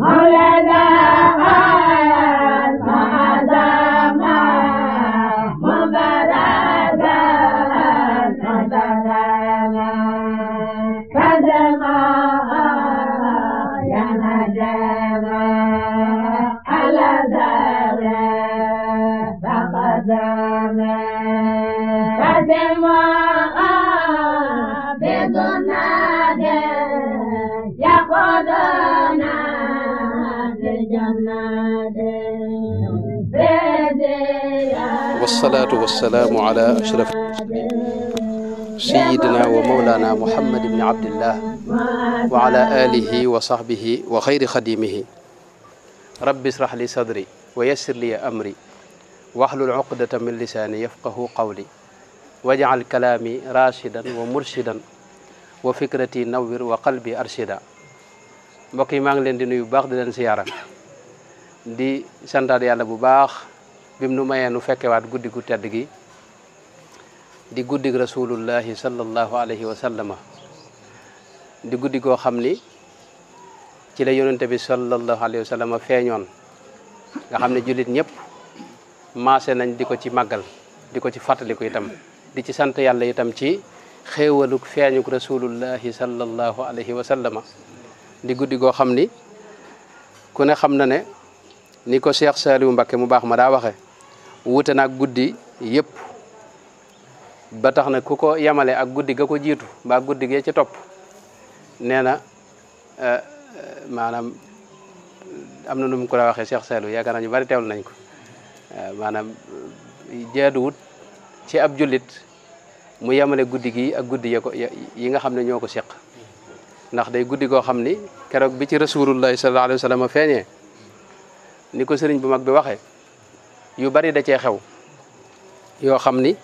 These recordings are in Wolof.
Allah. والصلاة والسلام على أشرف سيدنا ومولانا محمد بن عبد الله وعلى آله وصحبه وخير خديمه رب اشرح لي صدري ويسر لي أمري واحلل عقدة من لساني يفقه قولي واجعل كلامي راشدا ومرشدا وفكرتي نور وقلبي أرشدا mbokk yi دي ngi leen دي nuyu bu baax di leen bi mu nu mayee nu waat guddi gu tedd gi di guddig rasulullahi sallallahu alayhi wa sallama di guddi goo xam ni ci la yonente bi sallallahu alayhi wa feeñoon nga xam ne jullit ñépp maase nañ di ko ci màggal di ko ci fàttaliku itam di ci sant yàlla itam ci xéewaluk feeñuk rasulullahi sallallahu alayhi wa sallama di guddi goo xam ni ku ne xam na ne ni ko Cheikh Saliou Mbacké mu baax ma daa waxe wuté nak guddi yépp ba tax na ku ko ak guddi gako jitu ba mbaa ge ci top néna euh eh, eh, manam eh, amna num ko la waxé Cheikh Saliou yaakaar naa ñu bari teewlu nañ ko jéddu wut ci ab julit mu yamalé guddi gi ak guddi ya, ya yi nga xamné ñoko ñoo ndax day go xamni ni bi ci rasulullah sallallahu alaihi wasallam sallam niko serigne bu mag bi yu bari da cee xew yoo xam ni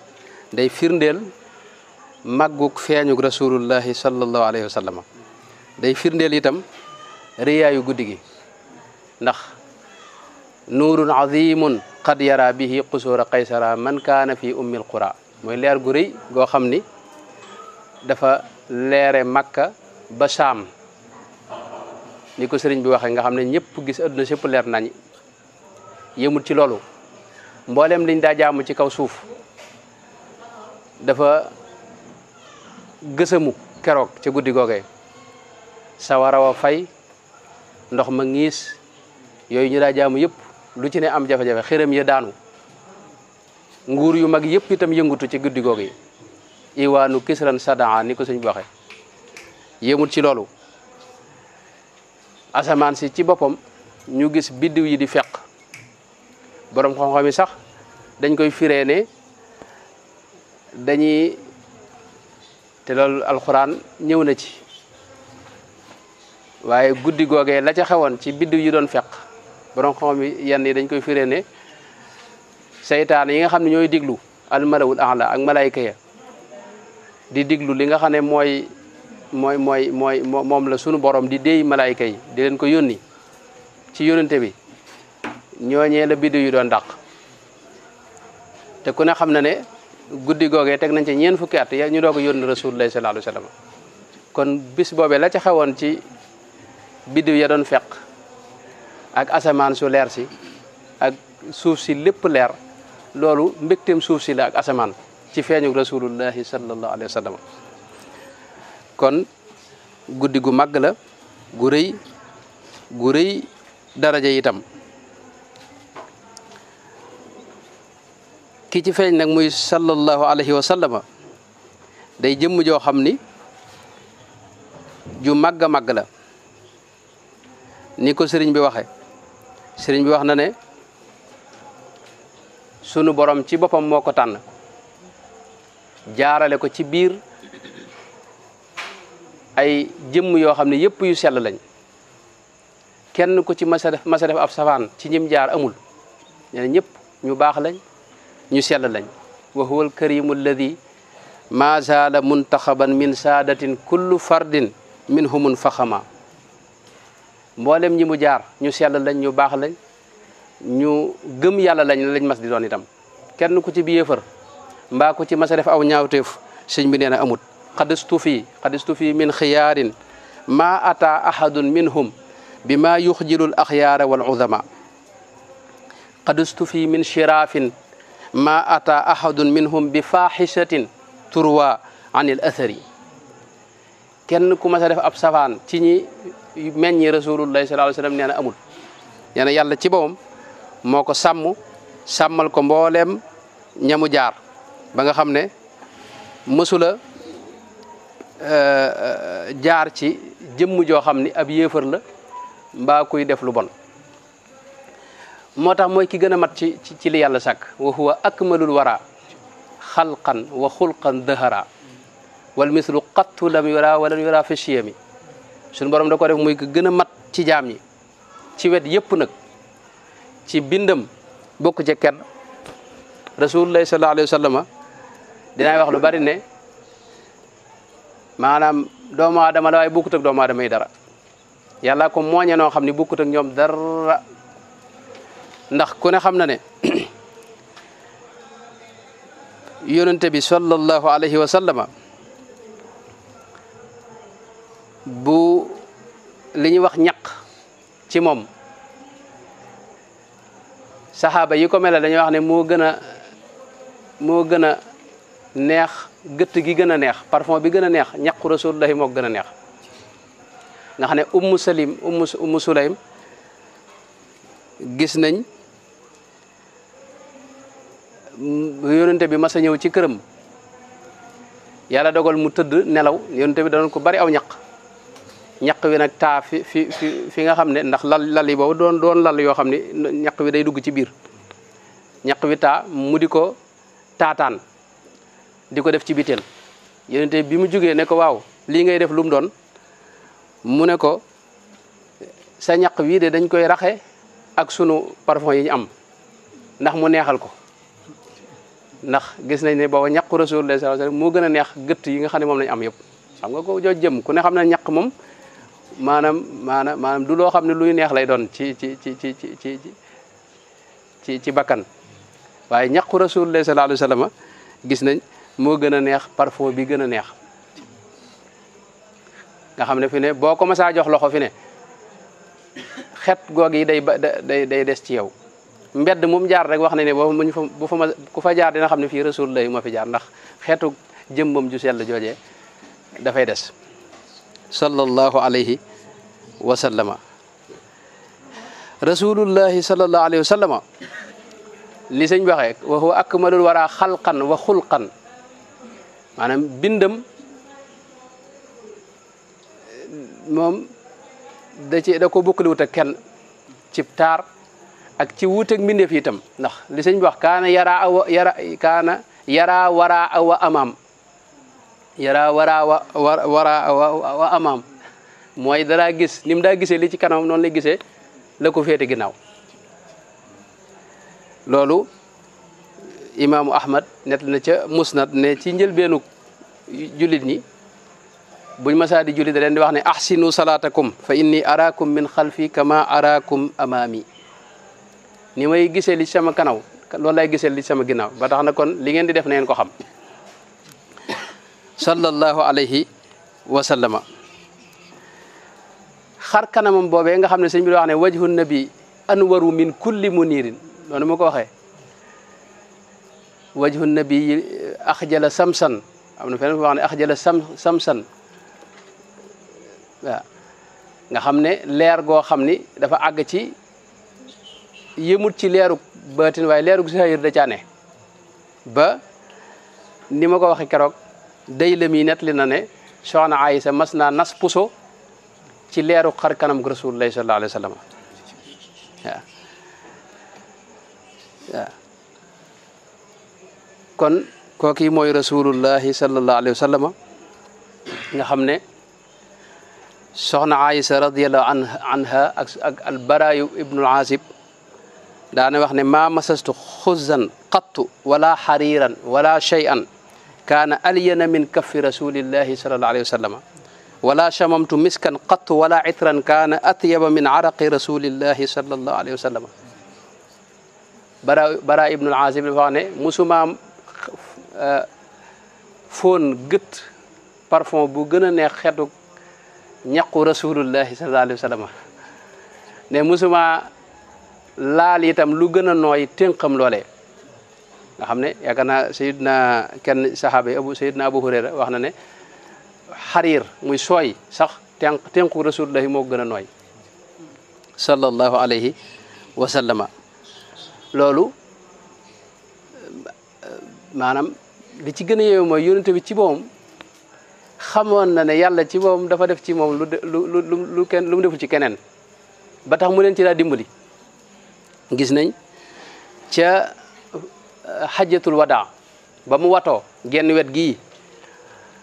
day firndeel màggug feeñug rasulullahi sallallahu alayhi wa sallam day firndeel itam riyaayu guddi gi ndax nuurun azimun qad yara bihi qusuura qaysara man kaana fi ummil qura mooy leer gu rëy goo xam ni dafa leere makka ba saam ni ko sëriñ bi waxee nga xam ne ñëpp gis adduna sépp leer nañ yëmut ci loolu mbollem liñ da jaamu ci kaw suuf dafa gësamu kérok ci guddi googee sawara wa fay ndox ma ngiss yoy ñu da jaamu yépp lu ci ne am jafé jafé xiram ya daanu nguur yu mag yépp itam yëngutu ci guddi googu iwanu kisran sadaa ni ko suñ waxe yëmut ci lolu asaman si ci bopam ñu gis bidiw yi di fekk borom xam-xam sax dañ koy firee ne dañuy te loolu alxuraan ñëw na ci waaye guddi googee la ca xewoon ci biddiw yi doon feq borom xam yi yi dañ koy firee ne seytaan yi nga xam ne ñooy diglu almalawul ahla ak malayka ya di diglu li nga xam ne mooy mooy mooy mooy moom la sunu borom di déy malayka yi di leen ko yónni ci yónnante bi ñooñee la biddiw yi doon dàq te ku ne xam na ne guddi googee teg nañ ci ñeen fukki at ya ñu doog a yónni rasulullah sallallahu alayhi wasallam kon bis boobee la ca xewoon ci biddiw ya doon feq ak asamaan su leer si ak suuf si lépp leer loolu mbégteem suuf si la ak asamaan ci feeñu rasulullahi sallallahu alayhi wa sallam kon guddi gu mag la gu rëy gu rëy daraja itam ki ci feeñ nag muy sallallahu alayhi wa day jëmm joo xam ni ju màgg a màgg la ni ko sëriñ bi waxe sëriñ bi wax na ne sunu borom ci boppam moo ko tànn jaarale ko ci biir ay jëmm yoo xam ne yépp yu sell lañ kenn ku ci masa def masa def ab safaan ci ñim jaar amul ñene ñépp ñu baax lañ ñu sel lañ wa huwa al karim alladhi ma zaala muntakhaban min saadatin kullu fardin minhum fakhama mboolem ñi mu jaar ñu sel lañ ñu bax lañ ñu gëm yàlla lañ lañ mas di doon itam kenn ku ci biye yéefar mba ku ci masa def aw ñaawteef sëñ bi neena amut na amut xadistufi xadistufi min khiyarin ma ata ahadun minhum bi ma yuxjilul axyaara wal uzama xadistufi min shiraafin ma ata ahadun minhum bi faaxishatin turwa anil athari kenn ku mas def ab safaan ci ñi meññi rasulullahi sallallahu alayhi wasallam amul nee na yàlla ci boppam moo ko sàmm sàmmal ko mbooleem ñamu jaar ba nga xam ne mësula euh, euh, jaar ci jëmm joo xam ni ab yéefar la mbaa kuy def lu bon moo tax mooy ki gën a mat ci ci li yàlla sàkk wa huwa akmalul wara xalqan wa xulqan dëhara wal mislu qattu lam yura walam yura fi chiyami suñu borom da ko def muy ki gën a mat ci jaam yi ci wet yëpp nag ci bindam bokk ca kenn rasulullahi sallallahu alayhi wa sallama dinaay wax lu bari ne maanaam doomu aadama la waaye bokkut ak doomu yi dara yàlla ko mooñe noo xam ne bokkut ñoom dara ndax ku ne xam na ne yonente bi sallallahu alayhi wa sallama bu li ñuy wax ñaq ci moom saxaaba yi ko mela dañuy wax ne moo gën a moo gën a neex gëtt gi gën a neex parfum bi gën a neex ñaqu rasulullahi moo gën a neex nga xam ne ummu salim ummu ummu gis nañ yonente bi massa ñew ci kërëm yalla dogal mu teud nelaw yonente bi doon ko bari aw ñak ñak wi nak ta fi fi fi nga xamne ndax lal lal yi bo doon doon lal yo xamne ñak wi day dugg ci bir ñak wi ta mu diko tatan diko def ci bitel yonente bi mu joge ne ko waw li ngay def mu doon mu ne ko sa ñak wi de dañ koy raxé ak sunu parfum yi am ndax mu neexal ko ndax gis nañ ne booba ñaqu rasulullah sallallahu alayhi wasallam moo gën a neex gëtt yi nga xam ne moom lañu am yëpp xam nga ko joo jëm ku ne xam ne ñaq moom maanaam maanaam maanaam du loo xam ne luy neex lay doon ci ci ci ci ci ci ci ci bakkan waaye ñaqu rasulullah sallallahu alayhi wasallam gis nañ moo gën a neex parfum bi gën a neex nga xam ne fi ne boo ko masaa jox loxo fi ne xet goog yi day day day des ci yow mbedd moom jaar rek wax na ne boo muñ fa bu fa ma ku fa jaar dina xam ne fii rasul lay moo fi jaar ndax xeetu jëmmam ju sell joojee dafay des sallallahu alayhi wa sallama rasulullahi sallallahu alayhi wa sallama li sëñ waxee wa huwa akmalul wara xalqan wa xulqan maanaam bindam moom da ci da ko bukkaliwut ak kenn cib taar ak ci wuuteeg mbindeef itam ndax li sëñ bi ka kaana yaraa awa yara kaana yaraa wa amaam mooy danaa gis ni mu daa gisee li ci kanam noonu lay gisee ko féete ginnaaw loolu imaamu ahmad nett na ca musnad ne ci njëlbeenu julit ñi buñ masaa di jullit da leen di wax ne ahsinu salaatakum fa inni araakum min xalfi kama araakum amaami ni may gisee li sama kanaw loolu lay gisee li sama ginaaw ba tax na kon li ngeen di def na ngeen ko xam sallallahu alayhi wa sallama xar kanamam boobee nga xam ne sëñ bi wax ne wajhu nabi anwaru min kulli munirin noonu ma ko waxee wajhu nabi axjala samsan am na feneen wax ne axjala sam samsan waaw nga xam ne leer goo xam ni dafa àgg ci yëmut ci leerug baatin waaye leerug zahir da caa ne ba ni ma ko waxee keroog day la mi net li na ne soxna Aysa mas naa nas puso ci leeru xar kanam rasulullahi sallallahu alayhi wa sallam waaw waaw kon kookii mooy rasulullahi sallallahu alayhi nga xam ne soxna Aysa radiyallahu anha albaraayu ibnul Aasib لأن وقت ما مسست خزا قط ولا حريرا ولا شيئا كان ألين من كف رسول الله صلى الله عليه وسلم ولا شممت مسكا قط ولا عطرا كان أطيب من عرق رسول الله صلى الله عليه وسلم برا, برا ابن العازب الفاني مسوما آه، فون قط parfum bu gëna neex رسول الله صلى الله عليه وسلم né laal itam lu gën a nooy tënkam loolee nga xam ne yaakaar naa sayidna kenn saxaaba yi abu sayidna abu hurayra wax na ne xariir muy sooy sax tenq tenqu rasulullahi moo gën a nooy sallallahu alayhi wa sallama loolu maanaam li ci gën a yeewu mooy yonente bi ci moom xamoon na ne yàlla ci moom dafa def ci moom lu lu lu kenn lu mu deful ci keneen ba tax mu leen ci daa dimbali gis nañ ca xajjatul euh, wada ba mu watoo genn wet gi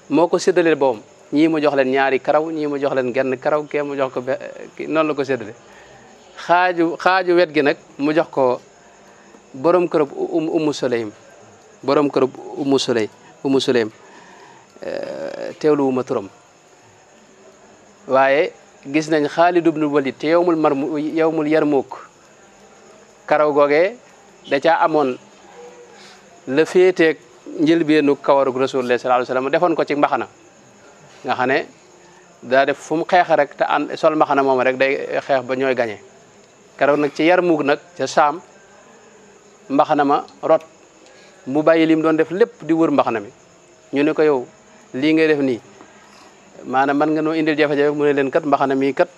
moo ko séddale boom ñii mu jox leen ñaari karaw ñii mu jox leen genn karaw ke mu jox ko be la ko séddale xaaju xaaju wet gi nag mu jox ko boroom kërëb um-, ummu soleym borom kërëb ummu soley ummu soleym euh, teewluwu waaye gis nañ xaalid ibnu walid te yowmul mar yowmul yarmuuk karaw googee da caa amoon la féeteeg njëlbeenu kawarug rasulullah sallallahu alayhi wasallam defoon ko ci mbaxana nga xam ne daa def fu mu xeex rek te ànd sol mbaxana moom rek day xeex ba ñooy gañe keroog nag ci Yarmuk nag ca saam mbaxana ma rot mu bàyyi li mu doon def lépp di wër mbaxana mi ñu ne ko yow lii ngay def nii maanaam man nga noo indil jafe-jafe mu ne leen kat mbaxana mi kat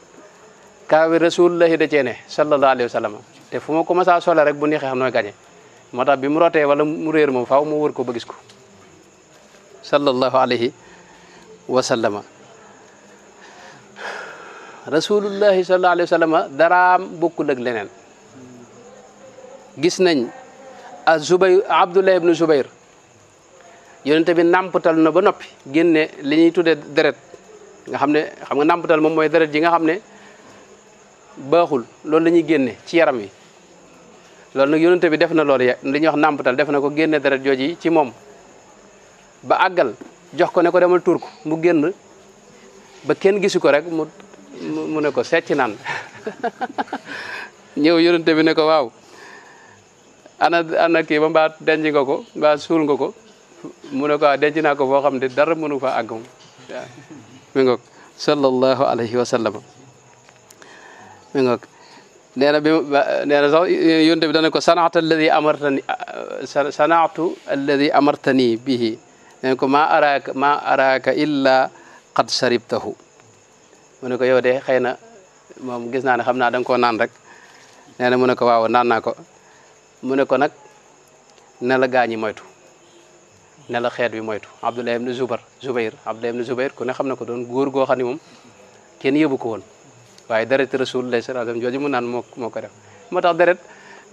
kaawi rasulullahi da cee ne sallallahu te fu ma ko masaa bu neexee xam nooy gañe moo tax bi mu rotee wala mu réer moom faaw mu wër ko ba gis ko sallallahu alayhi wa sallama rasulullahi sallallahu alayhi wa sallama daraam ak leneen gis nañ a Zubayr Abdullah ibnu Zubayr yonente bi nàmpatal na ba noppi génne li ñuy tuddee deret nga xam ne xam nga nàmpatal moom mooy deret ji nga xam ne baaxul loolu dañuy génne ci yaram wi loolu nag yonente bi def na lool li ñuy wax nàmpatal def na ko génne deret jooji ci moom ba àggal jox ko ne ko demal tuur ko mu génn ba kenn gisu ko rek mu mu ne ko secc naan ñëw yonente bi ne ko waaw ana ana kii ba mbaa denc nga ko mbaa suul nga ko mu ne ko waaw ah, denc naa ko foo xam ne dara mënu fa àggam waaw mi nga sallallahu alayhi wa mi ngoog bi nee sax yonte bi dana ko sanaatu alladi amartani sanaatu alladi amartani bihi nee ko maa araaka maa araaka illa qad saribtahu mu ne ko yow de xëy na moom gis naa ne xam naa da nga koo naan rek nee na mu ne ko waaw naan naa ko mu ne ko nag ne la gaañi moytu ne la xeet bi moytu Abdullah ibn Zubar Zubair Abdullah ibn Zubair ku ne xam na ko doon góor goo xam moom kenn yëbu ko woon waaye deret rasul lay sala jooju mu naan moo moo ko def moo tax deret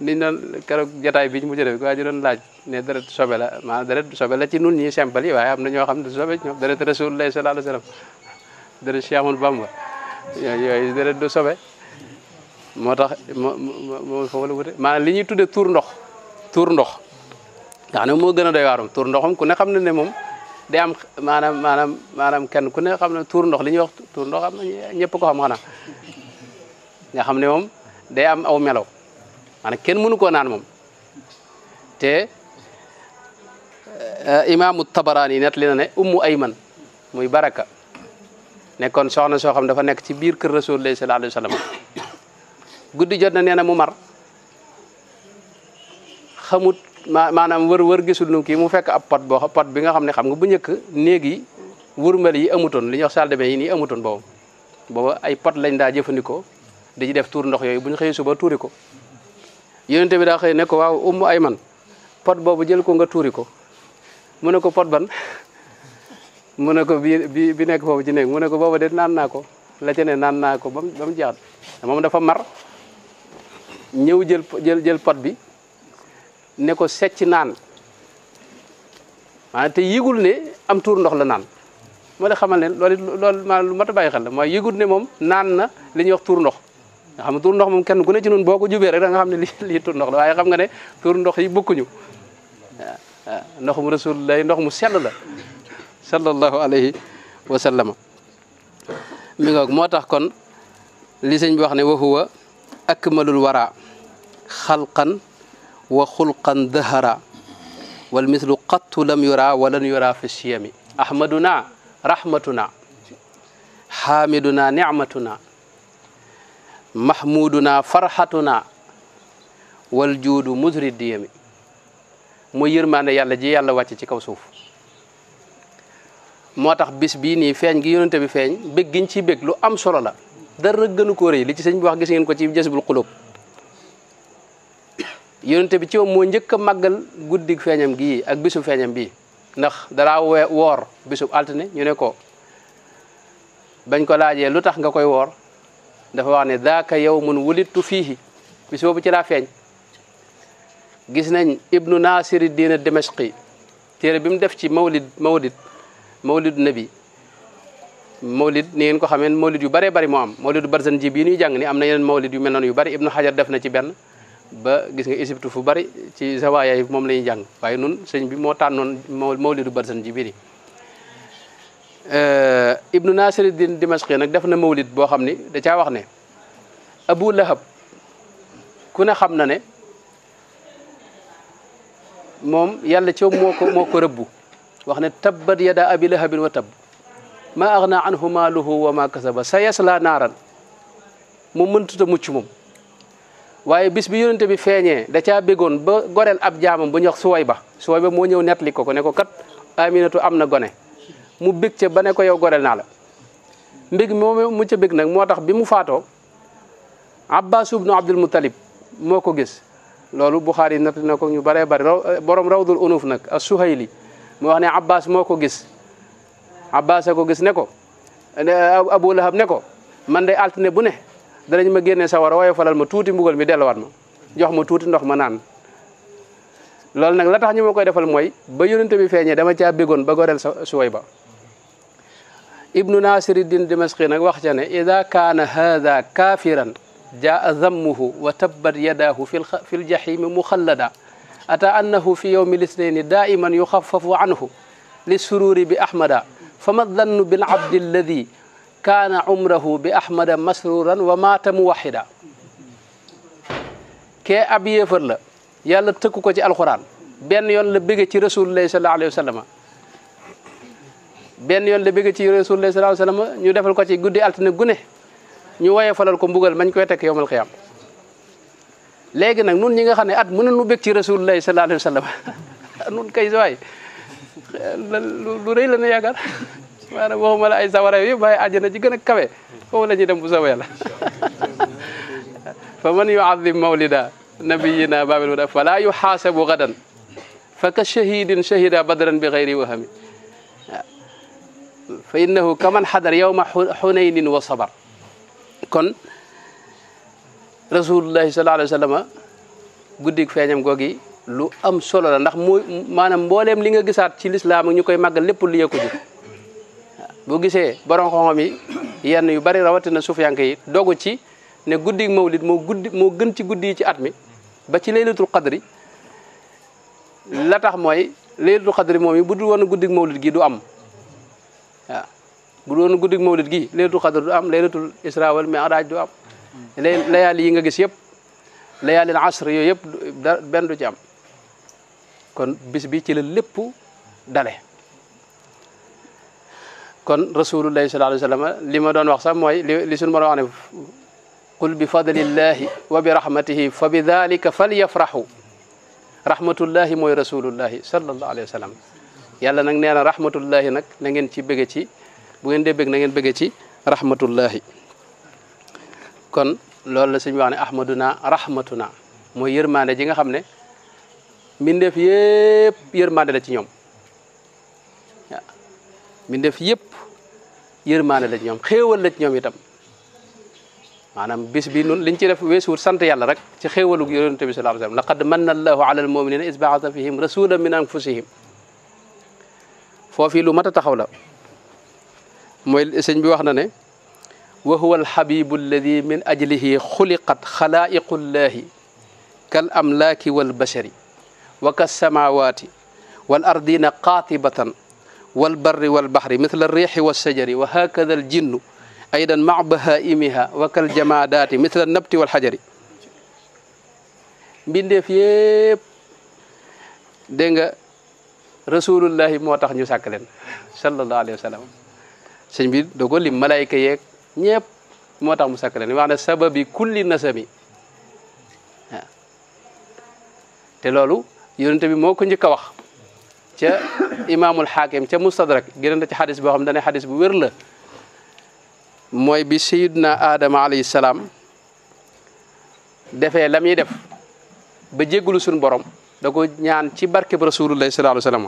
niñ doon keroog jataay bi ñu mujj def waa ji doon laaj ne deret sobe la maanaam deret sobe la ci nun ñi simple yi waaye am na ñoo xam ne sobe ñoom deret rasul lay sala sallam deret Cheikh Ahmadou Bamba yooyu sobe moo tax moo foofu la wute maanaam li ñuy tudde tuur ndox tuur ndox nga xam ne moo gën a doy waaram tuur ndoxam ku ne xam ne ne moom day am maanaam maanaam maanaam kenn ku ne xam ne tuur ndox li ñuy wax tuur ndox am na ñepp ko xam xanaa nga xam ne moom day am aw melaw maanaam kenn mënu koo naan moom te eh, imaamu Tabaraani net li na ne ummu ayman muy baraka nekkoon soxna soo xam dafa nekk ci biir kër Rasulullah sallallahu alayhi wa guddi jot na nee na mu mar xamut maa maanaam wër wër gisul nu kii mu fekk ab pot boo pot bi nga xam ne xam nga bu njëkk néeg yi wurmel yi amutoon li ñuy wax salle de nii amutoon boobu booba ay pot lañ daa jëfandikoo di ci def ndox yooyu bu ñu xëyee suba tuuri ko yonent bi daa xëy ne ko waaw ummu ay man pot boobu jël ko nga tuuri ko mu ne ko pot ban mu ne bi bi bi nekk foofu ci nekk mu ne ko booba de naan naa ko la ca naan naa ko ba mu ba mu moom dafa mar ñëw jël jël jël pot bi ne ko secc naan maanaam te yëgul ne am tuur ndox la naan moo tax xamal ne loolu loolu maa lu mat a bàyyi xel la mooy yëgul ne moom naan na li ñuy wax tuur ndox xam ne tuur ndox moom kenn ku ne ci noonu boo ko jubee rek da nga xam ne li lii tuur ndox la waaye xam nga ne tuur ndox yi bokkuñu waaw ndox mu rasulullah ndox mu sell la sallallahu alayhi wa sallama mi ngoog moo tax kon li sëñ bi wax ne wa huwa akmalul wara xalqan وخلقا ظهرا والمثل قط لم يرى ولن يرى في الشيم احمدنا رحمتنا حامدنا نعمتنا محمودنا فرحتنا والجود مزر الديم مو يرمان يالا جي يالا واتي سي كاو سوف موتاخ بيس بي ني فاج جي يونت فاج بيغ نتي بيغ لو ام سولو لا دار غنوكو ري لي سي سيغ بوخ غيس كو سي جيس بول yonent bi ci moo njëkk a màggal guddig feeñam gii ak bisu feeñam bi ndax dalaa we woor bisub altine ñu ne ko bañ ko laajee lu tax nga koy woor dafa wax ne daaka yawmun wulittu fiihi bis bu ci laa feeñ gis nañ ibnu nasiri diina dimashqi tere bi mu def ci mawlid mawlid mawlidu nabi mawlid ni ngeen ko xameen mawlid yu bëree bëri moo am mawlidu barzanji bii ñuy jàng ni am na yeneen mawlid yu mel yu bëri ibnu xajar def na ci benn ba gis nga Égypte fu bari ci zawaaya yi moom la jàng waaye nun sëñ bi moo tànnoon mawlidu barsan ji biri euh, ibnu nasiruddin dimashqi nag def na mawlid boo xam ni da caa wax ne abu lahab ku ne xam na ne moom yàlla ci moo ko moo rëbbu wax ne tabbat yada abi lahabin wa tabb ma agna anhu maaluhu wa ma kasaba sa yasla naaran mu mëntuta mucc moom waaye bis bi yonente bi feeñee da caa béggoon ba goreel ab jaamam bu ñuy wax suway ba suway ba moo ñëw nettali ko ko ne ko kat aminatu am na gone mu bég ca ba ne ko yow goreel naa la mbég moo mu ca bég nag moo tax bi mu faatoo abbas ibnu abdul mutalib moo ko gis loolu buxaari natt na ko ñu baree bari borom rawdul unuf nag as suhayli mu wax ne abbas moo ko gis abbas a ko gis ne ko abu lahab ne ko man day altine bu ne danañ ma génnee sawara wayo falal ma touti mbugal mi delluwaat ma jox ma touti ndox ma nan lol nak la tax ñu ma koy defal moy ba yonent bi feñé dama caa béggoon ba gorel sa suway ba ibnu nasiruddin dimasqi nag wax ca ne ida kaana hada kaafiran jaa dammuhu wa tabbat yadaahu fi fi ljahimi muxallada ata annahu fi yowmi lisnaini daiman yuxafafu anhu li sururi bi ahmada fama dannu كان عمره بأحمد مسرورا ومات موحدا kee ab yéefar la yàlla tëkku ko ci alxuraan benn yoon la bëgg ci rasulullahi sallallahu alayhi wa sallam benn yoon la bëgg ci rasulullahi sallallahu alayhi wa sallam ñu defal ko ci guddi altine gune ñu woye falal ko mbugal mañ koy tekk yowmal xiyaam léegi nag nun ñi nga xam ne at mënul nu bëgg ci rasulullahi sallallahu alayhi wa sallam nun kay sawaay lu rëy la nu yaakaar maanaam waxuma la ay sawara yëpp waaye àjjana ji gën a kawe foofu la ñuy dem bu soobee la fa man yuazim mawlida nabiyina babil huda fala yuxaasabu gadan fa ka shahidin shahida badran bi gayri wahami fa innahu kaman xadar yowma xunaynin wa sabar kon rasulullahi sallallahu alayhi wa guddig feeñam googi lu am solo la ndax mu maanaam mbooleem li nga gisaat ci lislaam ñu koy màggal lépp li ji boo gisee borom xam yi yenn yu bari rawatina suufiyanke yi dogu ci ne guddi mawlid moo guddi moo gën ci guddi yi ci at mi ba ci laylatul qadri la tax mooy laylatul qadri moom yi bu dul woon guddi mawlid gi du am bu dul woon guddi mawlid gi laylatul qadri du am laylatul isra wal mi'raj du am layaali yi nga gis yëpp layaalil asr yooyu yëpp benn du ci am kon bis bi ci la lépp dale kon rasulullahi sallallahu alayhi wa sallam li doon wax sax mooy li li suñu mën a wax ne qul bi fadlillahi wa bi rahmatihi fa bi dalika falyafrahu rahmatullahi mooy rasulullahi sallallahu alayhi wa sallam yàlla nag nee na rahmatullahi nag na ngeen ci bëgge ci bu ngeen dee nangeen na ngeen bëgge ci rahmatullahi kon loolu la suñu wax ne ahmaduna rahmatuna mooy yërmande ji nga xam ne mbindeef yëpp yërmande la ci ñoom waaw mbindeef yërmaane la ñoom xéewal la ñoom itam maanaam bis bi nun liñ ci def weesuur sant yàlla rek ci xéewalu yonente bi sallallahu alayhi wa sallam laqad manna allahu ala almuminina is baata fihim rasulan min anfusihim foofii lu mat a taxaw la mooy sëñ bi wax na ne wa huwa alxabibu alladi min ajlihi xuliqat xalaayiqu llahi kal amlaaki walbashari wa kasamawaati wal ardina qaatibatan والبر والبحر مثل الريح والشجر وهكذا الجن أيضا مع بهائمها وكالجمادات مثل النبت والحجر بنده في دنگ رسول الله موتاخ نيو ساكلن صلى الله عليه وسلم سيني بي دوكو لي ملائكه ييك نييب موتاخ مو ساكلن وانا سبب كل نسمي تي لولو يونت بي موكو نيكا واخ ca imaamul xaakim ca mustadrak gënën na ci xadis boo xam dane xadis bu wér la mooy bi sayiduna aadama alayhi salaam defee la muy def ba jéggulu suñu borom da ko ñaan ci barkeb rasulullahi sallallahu alayhi wasallam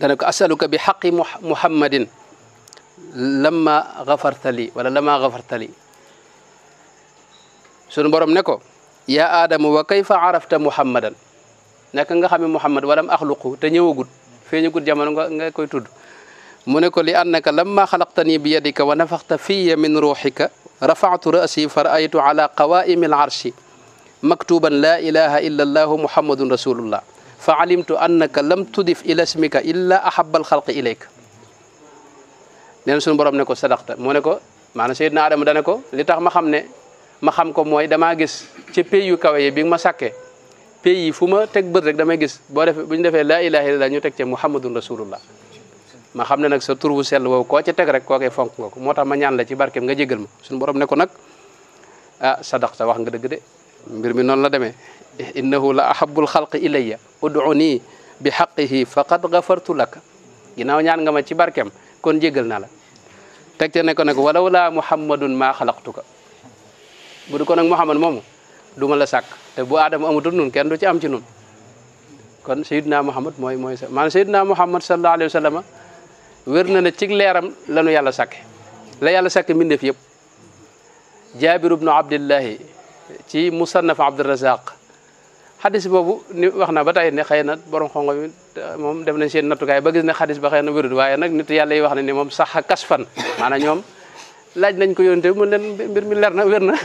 dana ko asaluka bi xaqi muhammadin lamma gafartali wala lamma gafartali suñu borom ne ko yaa aadama wa kayfa arafta muhammadan naka nga xamee Muhammad walam axluqu te ñëwagut feeñagut jamono nga nga koy tudd mu ne ko li annaka lamma xalaqtani bi yadika wa nafaxta fiya min ruuxika rafa'tu ra'si fa ra'aytu ala qawaa'imi al-arshi maktuban laa ilaha illa allahu rasulullah fa alimtu annaka lam tudif ila ismika illa ahabba alxalqi ilayka neen suñu borom ne ko sadaqta mu ne ko maanaam Seydina Adama li tax ma xam ne ma xam ko mooy damaa gis ci yu kawe yi ma sàkkee pays fuma tek ma rek damay gis bo def buñ defé la ilaha illallah ñu tek ci muhammadun rasulullah ma xamne nak sa tur bu sell woowu koo ca teg rek kay fonk ngoko motax ma ñaan la ci barkem nga jégal ma suñu borom ne ko nak ah sadaq sa wax nga deug de mbir mi non la démé innahu la ahabul khalqi ilayya ud'uni bi haqqihi faqad ghafartu lak ginaaw ñaan nga ma ci barkem kon jégal na la tek te ne ko nak walaw muhammadun ma khalaqtuka budu ko nak muhammad momu du la sàkk te bu aadama amatul nun kenn du ci am ci nun kon sayidna muhammad mooy mooy sa maanaam sayidna muhammad sallallahu alayhi wa sallam wér na ne ci leeram la nu yàlla sàkke la yàlla sàkke mbindeef yëpp jaabir ibnu abdillahi ci musannaf abdurazaq xadis boobu ni wax naa ba tey ne xëy na borom xongo bi moom def nañ seen nattukaay ba gis ne xadis ba xëy na wérut waaye nag nit yàlla yi wax ne ni moom sax a kas fan ñoom laaj nañ ko yónte mu leen leer na wér na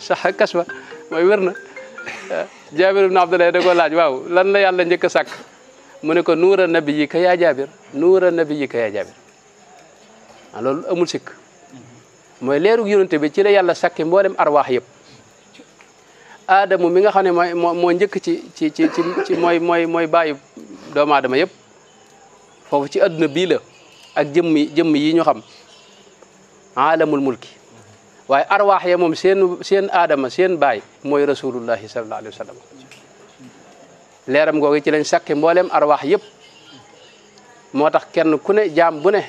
sax ak kas mooy wér na jaabir na abdulahi da ko laaj waaw lan la yàlla njëkk a sàkk mu ne ko nuura nabi yi ka yaa jaabir nuura nabi yi ka yaa jaabir ah loolu amul sikk mooy leerug yonente bi ci la yàlla sàkki mboolem arwaax yëpp aadamu mi nga xam ne mooy njëkk ci ci ci ci mooy mooy mooy bàyyi doomu aadama yëpp foofu ci adduna bii la ak jëmmi jëmm yi ñu xam alamul mulki waaye arwaax ya moom seen seen aadama seen baay mooy rasulullahi sallallahu alayhi wa sallam leeram googu ci lañ sakki mbooleem arwaax yëpp moo tax kenn ku ne jaam bu ne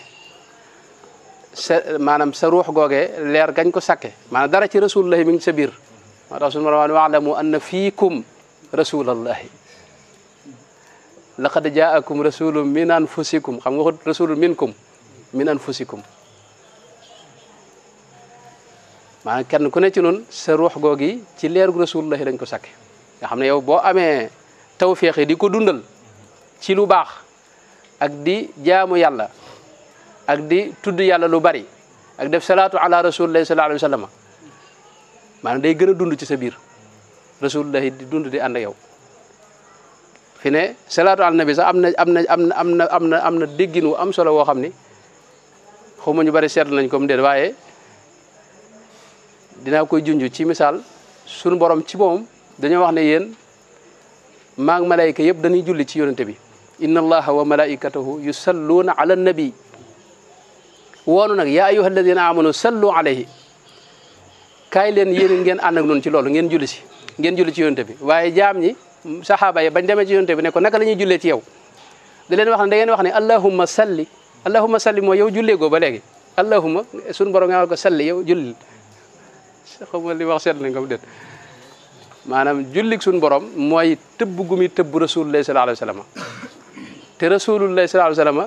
sa maanaam sa ruux googe leer gañ ko sakke maanaam dara ci rasulullahi mi ngi sa biir moo tax suñu borom waalamu anna fiikum rasulallahi laqad jaakum rasulun min anfusikum xam nga ko rasulun minkum min anfusikum maanaam kenn ku nekk ci nun sa ruux googi ci leer leerug rasulullahi lañ ko sakk nga xam ne yow boo amee tawféex yi di ko dundal ci lu baax ak di jaamu yàlla ak di tudd yàlla lu bari ak def salaatu ala rasulillahi sallallahu alayhi wa sallam maanaam day gën a dund ci sa biir rasulullahi di dund di ànd yow fi ne salaatu ala nabi sax am na am na am na am na am na am na déggin wu am solo woo xam ni xaw ma ñu bari seetlu lañ kom mu waaye dinaa koy junj ci misaal sunu borom ci moom dañoo wax ne yéen maa ngi malayka yëpp dañuy julli ci yonente bi inna allaha wa malaikatahu yusalluuna ala nabi woonu nag yaa ayuha alladina amanu sallu alayhi kaay leen yéen ngeen ànd ak ci loolu ngeen julli si ngeen julli ci bi waaye jaam ñi saxaaba yi bañ demee ci yonente bi ne naka la ñuy ci yow da leen wax ne da ngeen wax ne allahumma salli allahumma salli mooy yow julleegoo ba léegi allahumma sunu borom nga ko salli yow julli xam nga li wax set nañ ko déet manam jullik sun borom moy tëbb gumi muy rasulullah sallallahu alaihi wasallam te rasulullah sallallahu alaihi wasallam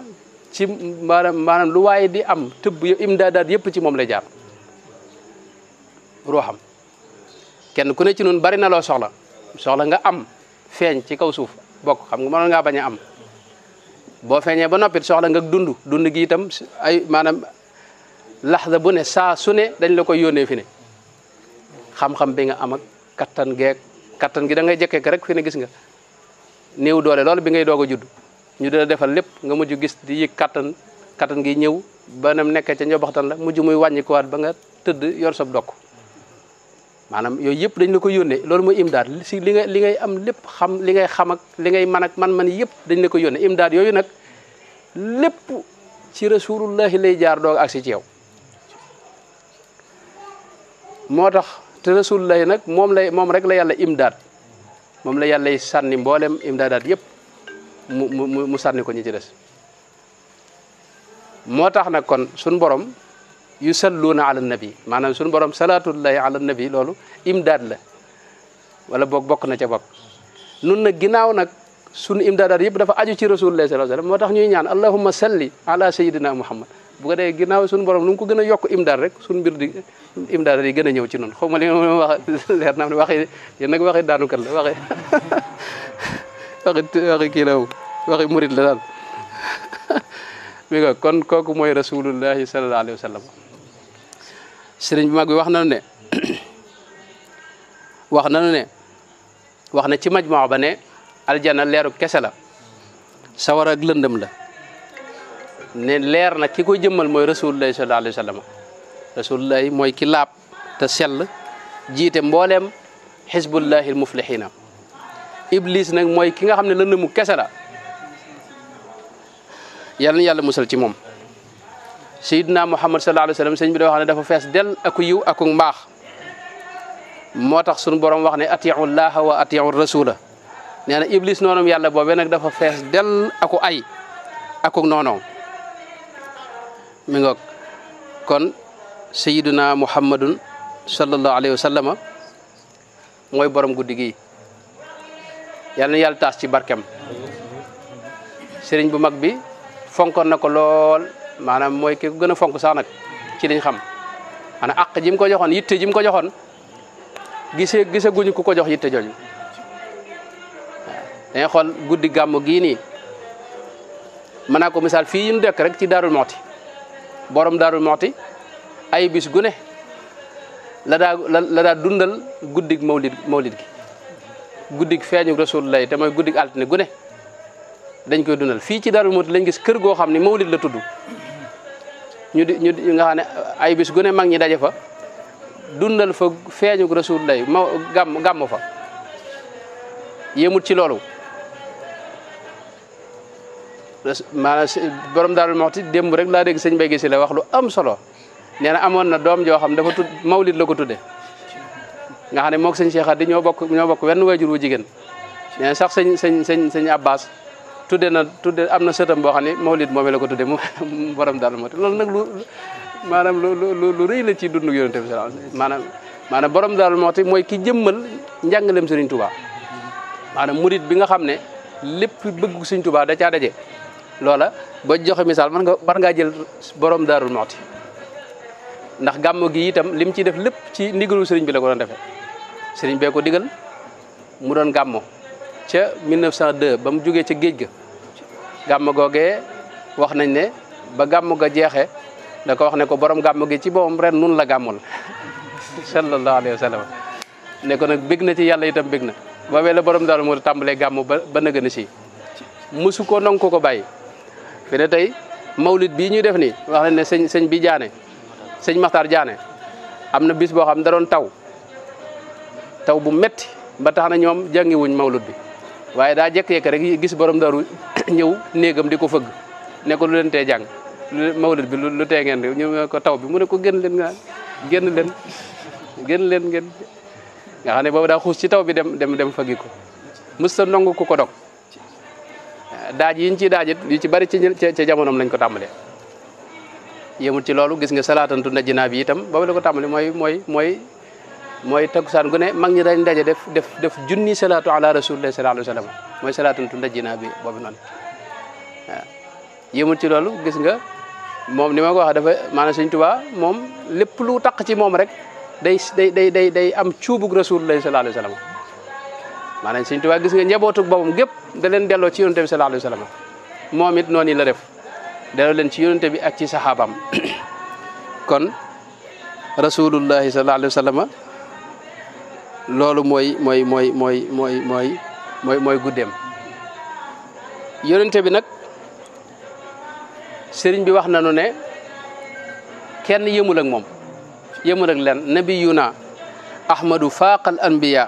ci manam manam lu di am tëbb imdadat yep ci mom lay jaar ruham kenn ku ne ci nun bari na lo soxla soxla nga am feñ ci kaw suuf bok xam nga mënoon nga baña am bo feñe ba nopi soxla nga dundu dundu gi itam ay manam lahza bu ne sa suné dañ la koy yone fi ne xam-xam bi nga am ak kattan geeg kattan gi da ngay jëkkee rek fi ne gis nga néew doole lool bi ngay doog a judd ñu dina defal lépp nga mujj gis di yëg kattan kattan gi ñëw ba nam nekkee ca njobaxtan la mujj muy wàññikuwaat ba nga tëdd yor sab dokk maanaam yooyu yëpp dañ la ko yónnee loolu mooy imdaad si li nga li ngay am lépp xam li ngay xamak li ngay man ak man-man yëpp dañ la ko yónnee imdaad yooyu nag lépp ci rasulullahi lay jaar doog ak si ci yow moo tax te rasulullahi nag moom lay moom rek la yàlla imdaad moom la yàlla sànni mboolem imdaadaat yëpp mu mu mu sànni ko ñi ci des moo tax nag kon suñ borom yu salluuna ala nabi maanaam suñu borom salaatullahi ala nabi loolu imdaad la wala boog bokk na ca bopp nun na ginaaw nag suñu imdaadaat yëpp dafa aju ci rasulullahi sallallahu alayhi wa moo tax ñuy ñaan allahumma salli ala sayidina muhammad bu dee defee ginnaaw suñu borom lu mu ko gën a yokk imdaad rek suñu mbir di imdaad di gën a ñëw ci noonu xaw ma li ma leer naa ne waxi yéen nag waxi daanukat la waxi waxi waxi murit la daal mi nga kon kooku mooy rasulullahi sallallahu alayhi wa mag bi wax na ne wax na ne wax na ci majmaa ba ne aljana leeru kese la sawar ak lëndëm la leer nag ki koy jëmmal mooy rasulullahi sallallahu alayhi wa sallam mooy ki laab te sell jiite mbooleem xisbullahil muflixina iblis nag mooy ki nga xam ne lëndëmu kese la yal na yàlla musal ci moom na muhammad sallallahu alayhi wa sallam sëñ bi da wax ne dafa fees del aku yiw aku mbaax moo tax sunu borom wax ne atiiu llaha wa atiiu rasula nee na iblis noonum yàlla boobee nag dafa fees del aku ay aku noonoo mi kon sayyiduna muhammadun sallallahu alaihi wasallamah moy borom guddigi yalla yalla tass taas ci barkem serigne bu mag bi fonkoon nako lol manam moy ki ko gën fonk sax nak ci liñ xam ana ak ji ko joxoon yitte ji mu ko gise gise gisaguñu ku ko jox yitte jooju dañuy xol guddigi gamu gi ni manako misal fi rek ci darul moti borom daaru moxti ay bis gu ne la daa la daa dundal guddig mawlid mawlid gi guddig feeñu rasulullah te mooy guddig altine gu ne dañ koy dundal fii ci daaru moxti lañ gis kër goo xam ni mawlid la tudd ñu di ñu di nga xam ne ay bis gu mag ñi daje fa dundal fa feeñu rasulullah ma gàmm gàmm fa yemut ci loolu maanaam borom daarul moxti démb rek laa dégg sëñ Mbaye Guèye la wax lu am solo nee amoon na doom joo xam dafa tudd mawlid la ko tudde nga xam ne moog sëñ Cheikh Khady ñoo bokk bokk wenn waajur wu jigéen sax sëñ sëñ sëñ sëñ Abbas tudde na tudde am na sëtam boo xam ne mawlid moomee la ko tudde mu borom daarul moxti loolu nag lu maanaam lu lu rëy la ci dundu yonente bi sala maanaam maanaam borom daarul moxti mooy ki jëmmal njàngalem sëriñ tuba maanaam murit bi nga xam ne lépp bëgg sëriñ Touba da caa daje loola ba joxe misaal man nga war ngaa jël borom daarul moxti ndax gàmmu gi itam lim ciy def lépp ci ndigalu sëriñ bi la ko doon defee sëriñ bee digal mu doon gàmmo ca 1902 ba mu jógee ca géej ga gàmm googee wax nañ ne ba gàmm ga jeexee da ko wax ne ko borom gàmm gi ci boom ren nun la gàmmul sallallahu alayhi wa sallam ne ko nag bég na ci yàlla itam bég na boobee la borom daal moo tàmbalee gàmmo ba ba nëgën si musu ko nang ko ko bàyyi fi tey mawlid bii ñuy def nii wax nañ ne sëñ sëñ bi jaane sëñ Maxtaar jaane am na bis boo xam ne da taw taw bu metti ba na ñoom jàngiwuñ mawlud bi waaye daa jékki-jékki rek gis borom daru ñëw néegam di ko fëgg ne lu leen tee jàng mawlid bi lu tee ngeen ñu ko taw bi mu ne ko génn leen nga génn leen gën leen ngeen nga xam ne boobu daa xuus ci taw bi dem dem dem fëggi ko mës ta nangu ku ko dog daaj yiñ ci daajit yu ci bari ci ci jamonoom lañ ko tàmbalee yemul ci loolu gis nga salaatantu na jinaa bi itam boobu la ko tàmbali mooy mooy mooy mooy takkusaan gu ne mag ñi dañ daje def def def junni salaatu ala rasulillah sallallahu alayhi wa sallam mooy salaatantu na jinaa bi boobu noonu waaw ci loolu gis nga moom ni ma ko wax dafa maanaam Sëñ Tuubaa moom lépp lu taq ci moom rek day day day day day am cuubug rasulillah sallallahu alayhi wa sallam maanaam Sëñ Tuubaa gis nga njabootug boppam gépp da leen delloo ci yonente bi sallallahu alayhi wa moom it noonu la def delloo leen ci yonente bi ak ci saxaabaam kon rasulullahi sa alayhi wa sallam loolu mooy mooy mooy mooy mooy mooy mooy mooy guddeem yonente bi nag sëriñ bi wax nañu ne kenn yëmul ak moom yëmul ak leen nabiyuna ahmadu faaqal anbiya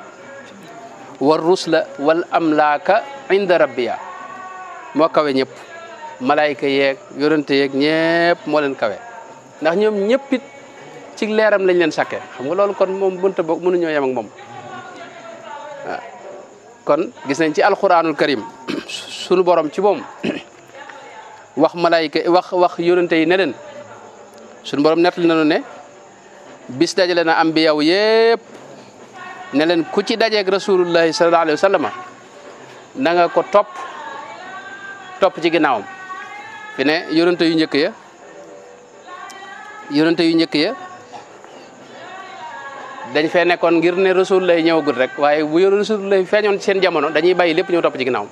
war rusla wal amlaaka inda rabbiya moo kawe ñëpp malayka yeeg yonente yeeg ñëpp moo leen kawe ndax ñoom ñëpp it ci leeram lañ leen sakke xam nga loolu kon moom bunta boog mënuñoo yem ak moom waaw kon gis nañ ci alquranul karim sunu borom ci moom wax malayka wax wax yonente yi ne leen sunu borom nettali nañu ne bis dajale na ambiyaw yëpp ne leen ku ci dajeeg rasulullahi sallallahu alayhi ko topp topp ci ginnaawam fi ne yonente yu njëkk ya yonente yu njëkk ya dañ fee nekkoon ngir ne rasulullahi ñëwagul rek waaye bu yor rasulullahi feeñoon seen jamono dañuy bàyyi lépp ñëw topp ci ginnaawam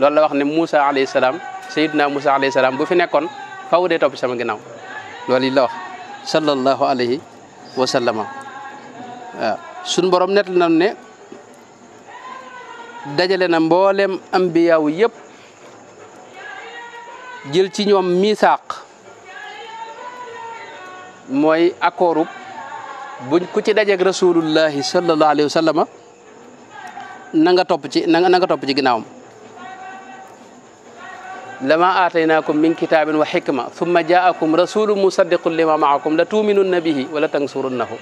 loolu la wax ne musa alayhi salaam Seydina Moussa alayhi salaam bu fi nekkoon faw dee topp sama ginnaaw loolu yi la wax sallallahu alayhi wa suñ borom nett na ne dajale na mboolem ambiyaawu yëpp jël ci ñoom miisaaq mooy accord buñ ku ci dajeeg rasulullahi sallallahu alayhi wa sallama na nga topp ci na nga topp ci ginnaawam lama aataynaakum min kitaabin wa xikma thumma jaakum rasulun musaddiqun lima maakum la tuuminunna bihi wala tansurunnahu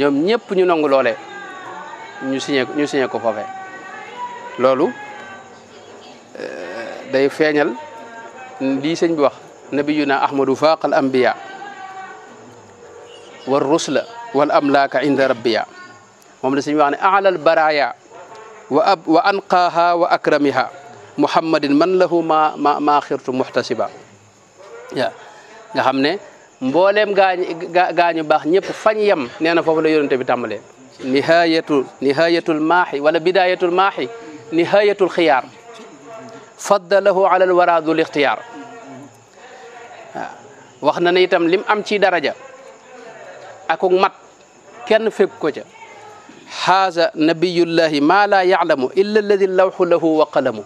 ñoom ñëpp ñu nangu loole ñu signé ñu signé ko foofe loolu euh, day feeñal lii sëñ bi wax nabiyuna ahmadu faaq al anbiya wal rusla wal amlaaka inda rabbiya moom la sëñ wax ne alal baraya wa anqaaha wa akramiha muhammadin man lahu ma ma muhtasiba yaa nga xam ne mbollem gañu gaañu baax ñëpp fañ yam neena fofu la yoonte bi tambalé nihayatul nihayatul mahi wala bidayatul mahi nihayatul khiyar faddalahu ala alwara dul ixtiyaar waaw wax ne itam lim am ci daraja ak mat kenn fepp ko ca xaaza nabiyullahi ma la ya'lamu illa alladhi lawhu lahu wa qalamu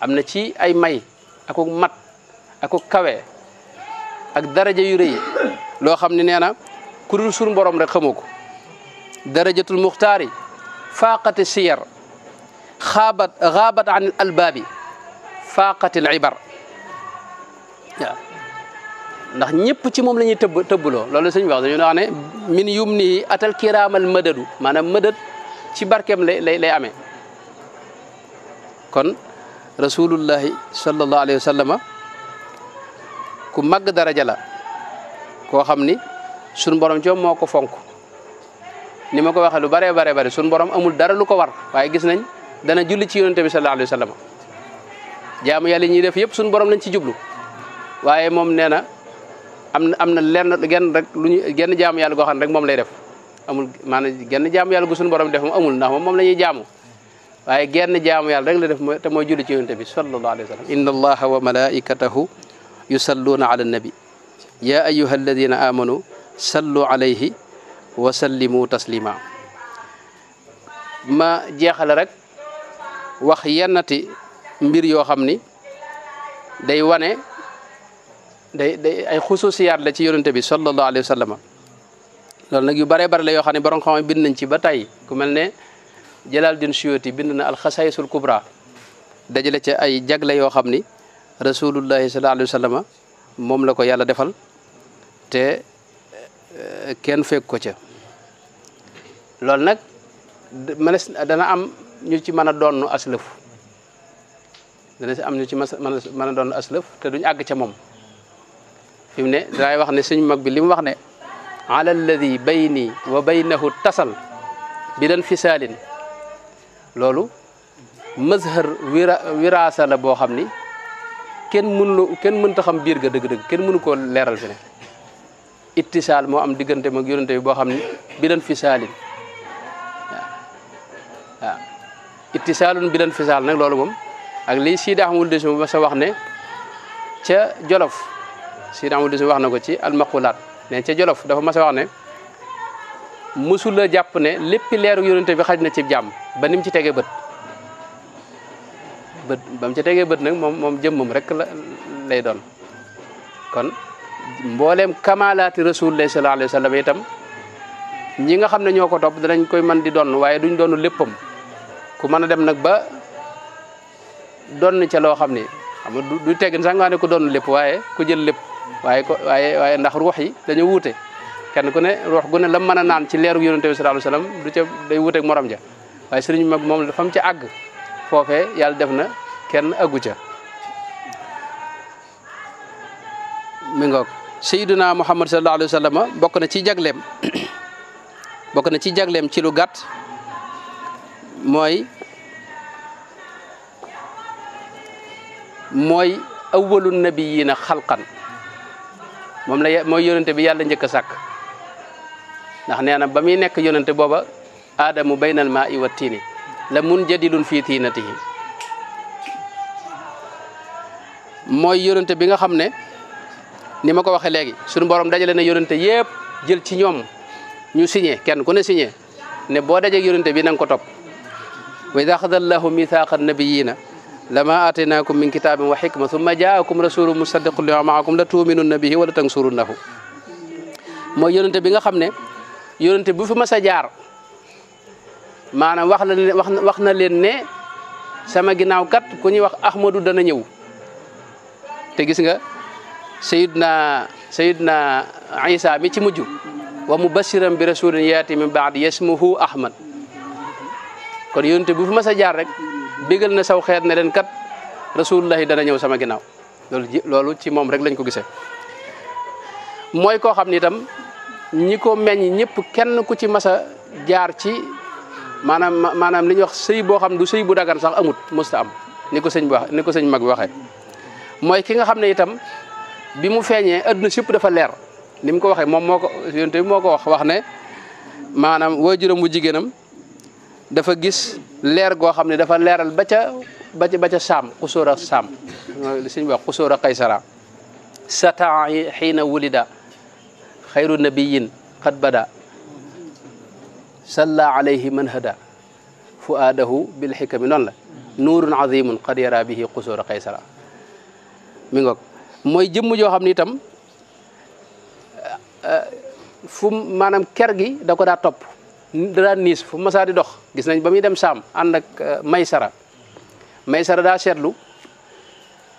amna ci ay may ak mat ak kawe ak daraja yu reey lo xamni neena nee na ku dul suñu borom rek xamoko darajatul muxtaari faqat asiyar khabat ghabat an al albab faqat al ibar ndax ñëpp ci mom lañuy teub teub lo lolu sëñ wax dañu naané min yumni atal kiram al madad manam madad ci barkem lay lay amé kon rasulullah sallallahu alayhi wasallam ku mag daraja la koo xam ni sunu borom ci moo ko fonk ni ma ko waxee lu bare baree bari sunu borom amul dara lu ko war waaye gis nañ dana julli ci yonente bi sallallahu alayhi wa sallam jaamu yàlla ñuy def yëpp sunu borom lañ ci jublu waaye moom nee na am na am na lenn genn lu ñu genn jaamu yàlla goo ne rek moom lay def amul maanaam genn jaamu yàlla gu sunu borom def moom amul ndax moom la ñuy jaamu waaye genn jaamu yàlla la def te mooy julli ci yonente wa sallam yusalluuna ala annabi yaa ayuha alladina amanu sallu alayhi wa sallimu taslima ma jeexale rek wax yennati mbir yoo xam ni day wane day day ay xususiyaat la ci yonente bi sallallahu alayhi wa sallam nag yu bare bare la yoo xam ne borom xam bind nañ ci ba tey ku mel ne Jalaluddin Suyuti bind na alxasaisul kubra dajale ca ay jagle yoo xam ni rasulullahi sallallahu salaa wa moom la ko yàlla defal te eh, kenn fekk ko ca loolu nag mënees dana am ñu ci mën a doon aslëf dana si am ñu ci mën mën a doon aslëf te duñ àgg ca moom fi mu ne danaay wax ne suñ mag bi li wax ne ala alladi bayni wa baynahu tasal bi lan fisaalin loolu mazhar wira wiraasa boo xam ni kenn mënuloo kenn mënta xam biir ga dëgg-dëgg kenn mënu koo leeral fi ne ittisaal moo am diggante mag yonente bi boo xam ne bi leen fi saalin waaw waaw ittisaalun bi leen fi saal nag loolu moom ak lii Sidi Ahmadou Désiré ba sa wax ne ca Jolof Sidi Ahmadou Désiré wax na ko ci almaqulaat ne ca Jolof dafa mas a wax ne mësula jàpp ne lépp leeru yonente bi xaj na ci jàmm ba ni mu ci tegee bët bët ba mu ca tegee bët nag moom moom jëmmam rek la lay doon kon mbooleem kamalaati rasulullah sallallahu alayhi wa sallam itam ñi nga xam ne ñoo ko topp danañ koy mën di doon waaye duñ doonu léppam ku mën a dem nag ba doon ca loo xam ne xam nga du teggin sax nga ne ku doon lépp waaye ku jël lépp waaye ko waaye waaye ndax ruux yi dañoo wuute kenn ku ne ruux gu ne la mën a naan ci leeru yonente bi sallallahu alayhi wa du ca day wuuteeg morom ja waaye sëriñ mag moom fam ci àgg foofee yàlla def na kenn aggu ca mi ngoog sayyiduna muhammad sallallahu alayhi wa sallam bokk na ci jagleem bokk na ci jagleem ci lu gàtt mooy mooy awwalu nabiyina xalqan moom la mooy yonente bi yàlla njëkk a sàkk ndax nee na ba muy nekk yonente booba aadamu baynal maa i wa la munjadilun fii tiinatihi mooy yonente bi nga xam ne ni ma ko waxee léegi sunu borom dajale na yonente yëpp jël ci ñoom ñu signé kenn ku ne signé ne boo dajeeg yonente bi na nga ko topp wa id axada allahu mithaqa nabiyina lama aataynakum min kitabin wa xikma summa jaakum rasulun musaddiqun lima maakum la tuuminunna bihi wala tansurunnahu mooy yonente bi nga xam ne yonente bu fi mas a jaar maanaam wax na wax wax na leen ne sama ginnaaw kat ku ñuy wax ahmadu dana ñëw te gis nga sayidna na isa mi ci mujj wa mubashiran bi rasulin yaati min baadi yasmuhu ahmad kon yonent bu fi mas a jaar rek bégal na saw xeet ne leen kat rasulullahi dana ñëw sama ginnaaw loolu loolu ci moom rek lañ ko gisee mooy koo xam ni ñi ko meññ ñëpp kenn ku ci mas a jaar ci maanaam maanaam li ñuy wax sëy boo xam ne du sëy bu dagan sax amut mësta am ni ko sëñ bi ni ko sëñ mag bi waxee mooy ki nga xam ne itam bi mu feeñee adduna sëpp dafa leer ni mu ko waxee moom moo ko yonte moo ko wax wax ne maanaam waajuram bu jigéenam dafa gis leer goo xam ne dafa leeral ba ca ba ba ca saam xusóor a saam li sëñ bi wax xusóor a kaysara satan xiina wulida xayru nabiyin xat bada salla alayhi man hada fuaadahu bil xikami noonu la nuurun azimun qad yara bihi qusuura qaysara mi ngoog mooy jëmm joo xam ne itam eh, eh, fu maanaam ker gi da ko daa topp da daa niis fu masaadi dox gis nañ ba muy dem saam ànd eh, maysara maysara daa seetlu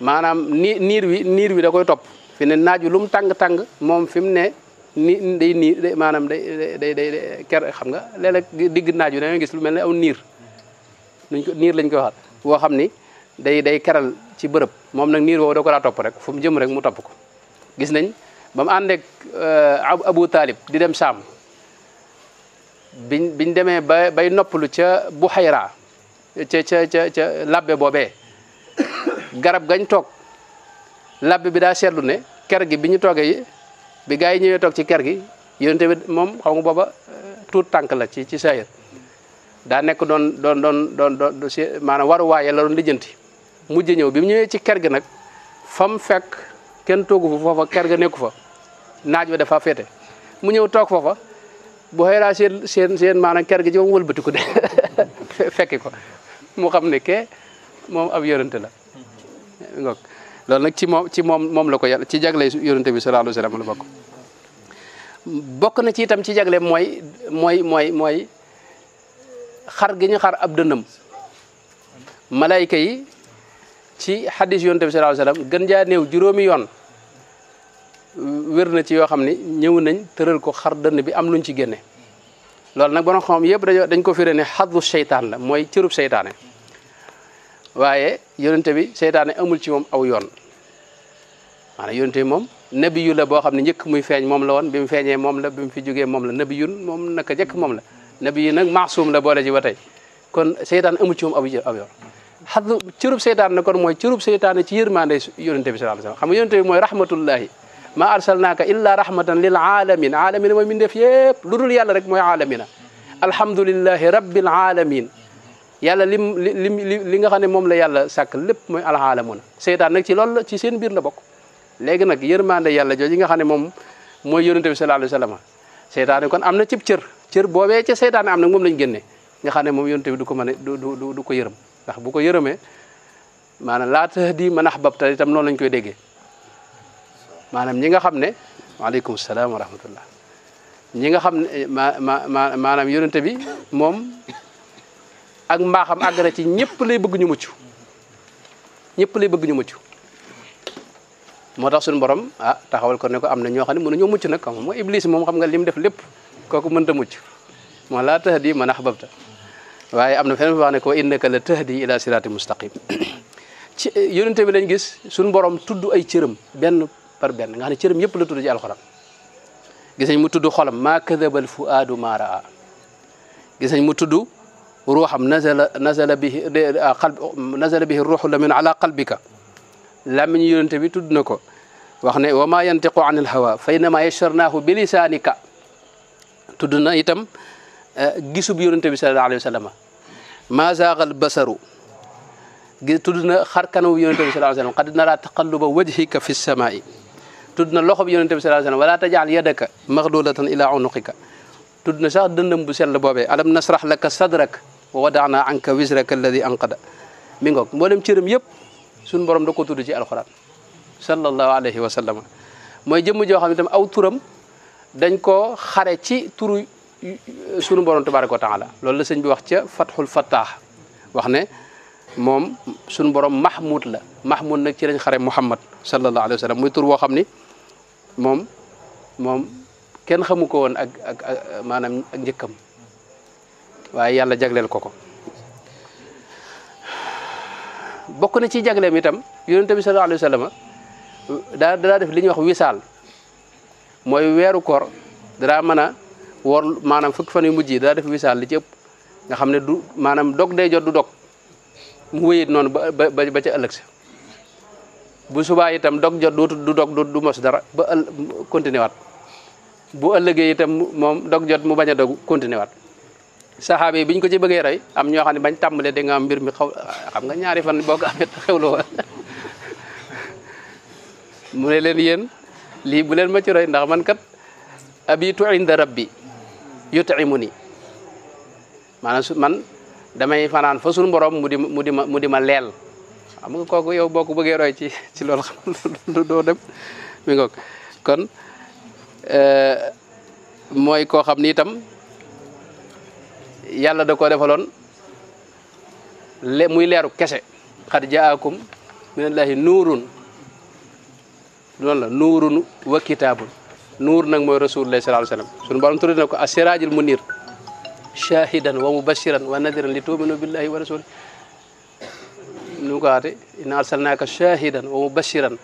maanaam ni niir wi niir wi da koy topp fi ne naaju lu mu tàng-tàng moom fi mu ne ni day nii day maanaam day day day ker xam nga léeg-léeg digg naaj bi da ngay gis lu mel ne aw niir nuñ ko niir lañ koy waxaat woo xam ni day day keral ci bërëb moom nag niir woowu da ko daa topp rek fu mu jëm rek mu topp ko gis nañ ba mu ànd euh, ak Abu Taalib di dem Saam biñ biñ demee ba bay noppalu ca Buxayra ca ca ca ca labbe boobee garab gañ toog labbe bi daa seetlu ne ker gi bi ñu toogee bi gars yi ñëwee toog ci ker gi yonent bi moom xaw ma booba euh, tuut tànk la ci ci sayir daa nekk doon doon doon doon doon maanaam waru waaye la doon lijjanti mujj ñëw bi mu ñëwee ci ker gi nag fam fekk kenn toogu fa foofa ker ga nekku fa naaj wa dafa féete mu ñëw toog foofa fa boo seen seen seen maanaam ker gi ci moom wëlbatiku de fekki ko mu xam ne ke moom ab yorante la hmm. loolu nag ci moom ci moom moom la ko yàlla ci jagle yonente bi sallallahu alayhi wa sallam la bokk bokk na ci itam ci jagle mooy mooy mooy mooy xar gi ñu xar ab dënnam malayka yi ci xadis yonente bi sallallahu alayhi wa sallam gën jaa néew juróomi yoon wér na ci yoo xam ne ñëw nañ tëral ko xar dënn bi am luñ ci génne loolu nag borom xam yëpp dañ ko firé ne xadu seytaan la mooy cërub seytaane waye yonente bi seytaane amul ci mom aw yoon maanaam yonente mom nabi yu la bo xamni ne muy feñ mom la won bimu feñe mom la bimu fi jógee mom la nabi nabiyun mom naka jek mom la nabi yi nak masum la boole ji ba tey kon seytaan amul ci mom aw aw yoon xadu cërub setan nak kon moy cërub setan ci yërmande yonente bi sallallahu alayhi wasallam xam nga yonente bi moy rahmatullah ma arsalnaka illa rahmatan lil alamin alamin moy min def yëpp lu yàlla rek moy alamin alhamdulillahi rabbil alamin yàlla lim lim li nga xam ne la yàlla sàkk lépp mooy alxaalamun seytaan nag ci loolu ci seen biir la bokk léegi nag yërmande yàlla jooju nga xam ne moom mooy yonente bi sallallahu alayhi kon am na cib cër cër boobee ca seytaane am nag moom lañ génnee nga xam ne moom yonente bi ko mën a du du ko yërëm ndax bu ko yërëmee maanaam laa tahdi man ahbabta itam noonu lañ koy déggee ñi nga xam ne waaleykum salaam wa rahmatullah xam ma ma maanaam yonente bi moom ak mbaxam ag na ci ñepp lay bëgg ñu muccu ñepp lay bëgg ñu muccu motax suñu borom ah taxawal ko ne ko amna ño xamne mënu muccu nak mo iblis mom xam nga lim def lepp koku mën ta muccu mo la tahdi man ahbabta waye amna fenn wax ne ko innaka la tahdi ila sirati mustaqim ci yonente bi lañ gis suñu borom tuddu ay cërem benn par benn nga xamne cërem yépp la tuddu ci alquran gis nañ mu tuddu xolam ma kadhabal fuadu ma raa gis nañ mu tuddu روحا نزل نزل به قلب نزل به الروح من على قلبك لم ينتبه تدنكو وخني وما ينطق عن الهوى فإنما يشرناه بلسانك تدنا يتم gisub yonent bi sallallahu alayhi wa sallam ma zaagal basaru tudd na xar kanamu yonent bi sallallahu alayhi wa sallam qad nara taqalluba wajhika fi samaa'i tudd na loxo bi yonent bi sallallahu alayhi wa sallam wala tajal yadaka maghlulatan ila unuqika tudd na sax dëndam bu sell boobee alam nasrah laka sadrak wa wadaana anka wisraka alladi anqada mi ngoog mboolem cëram yëpp suñu borom da ko tudd ci alxuraan sallallahu alayhi wa sallam mooy jëmm joo xam ne tam aw turam dañ ko xare ci turu sunu borom tabaraka wa taala loolu la sëñ bi wax ca fathul fattah wax ne moom sunu borom mahmud la mahmud nag ci lañ xare muhammad sallallahu alayhi wa sallam muy tur woo xam ni moom moom kenn xamu ko woon ak ak maanaam ak njëkkam waaye yàlla jagleel ko ko bokk na ci jagleem itam yonente bi sallallahu alayhi wa sallam daa danaa def li ñuy wax wisaal mooy weeru koor danaa mën a woor maanaam fukki fan yu mujj yi danaa def wisaal li ci ëpp nga xam ne du maanaam dog day jot du dog mu wéyit noonu ba ba ba ca ëllëg sa bu subaa itam dog jot dootu du dog du mos dara ba ëll continué bu ëllëgee itam moom dog jot mu bañ a dog continué sahabe biñ ko ci bëggee rey am ñoo xam ne bañ tàmbalee da nga am mbir mi xaw xam nga ñaari fan boo ko amee xewloo mu ne leen yéen lii bu leen ma ci rey ndax man kat abitu inda rabbi yut'imuni maanaam man damay fanaan fa suñu borom mu di mu di ma mu di ma leel xam nga kooku yow boo ko bëggee roy ci ci loolu xam lu doo dem mi ngoog kon euh, mooy koo xam ni itam yàlla da koo defaloon le muy leeru kese xad jaakum minallahi nuurun loolu la nuurun wa kitaabun nuur nag mooy rasulullah sallallahu alayhi wasallam sunu borom tudd na ko as-siraajil muniir shahidan wa mubashiran wa nadiran li tu'minu billahi wa rasuli nu ko waate inna arsalnaaka shahidan wa mubashiran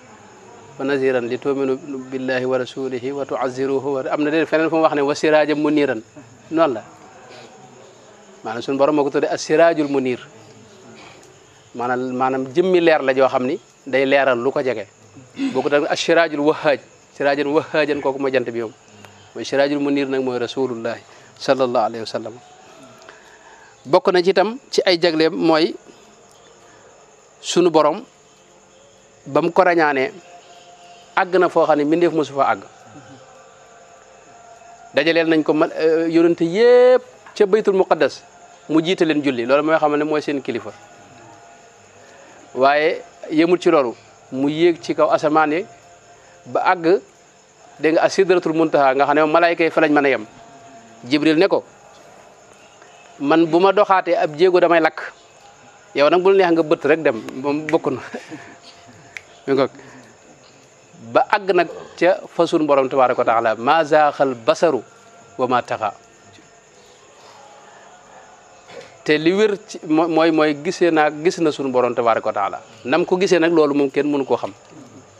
wa nadiran li tu'minu billahi wa rasulihi wa tu'azziruhu am na deen feneen fu mu wax ne wa siraajan muniiran Mana sun borom mako tudde munir manal manam jëmmi leer la jo xamni day leral lu ko jege boo ko asirajul asiraajul sirajul siraajan koku jant bi yow sirajul munir nak moy rasulullah sallallahu Alaihi Wasallam. bokku na ci tam ci ay jagleem moy sunu borom bam ko rañaanee àgg na foo xam ne mbindeef nañ ko eh, yoonte yépp baytul muqaddas mu jité len julli lolou moy xamné moy seen kilifa waaye yemul ci lolou mu yegg ci kaw asamaan ba ag de nga asidratul muntaha nga xamné malaika fa lañ mëna yam jibril ne ko man buma doxate ab jéggu damay lak yow nak bul neex nga bëtt rek dem bokkuna mi ngok ba ag nak ca fasul borom tabaaraku taala ma basaru wa ma te li wér ci mooy mooy gisee naa gis na suñu borom tabaaraka wa taala nam ko gisee nag loolu moom kenn mënu koo xam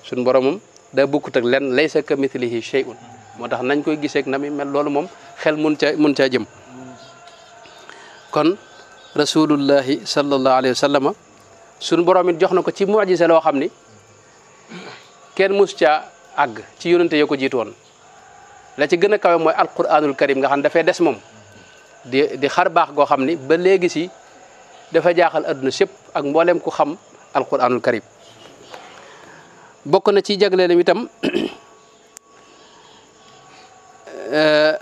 suñu borom moom daa bokkut ak lenn laysa ka mithlihi shay'un moo tax nañ koy giseek na mi mel loolu moom xel mun ca mun caa jëm kon rasulullahi sallallahu alayhi wa sallama suñu borom it jox na ko ci mujisa loo xam ni kenn mus caa àgg ci yonente yoo ko jiitu woon la ci gën a kawe mooy alquranul karim nga xam dafee des moom di xar baax goo xam ni ba léegi si dafa jaaxal adduna sépp ak mboolem ku xam alquranul karim bokk na ci jagleelam itam eh,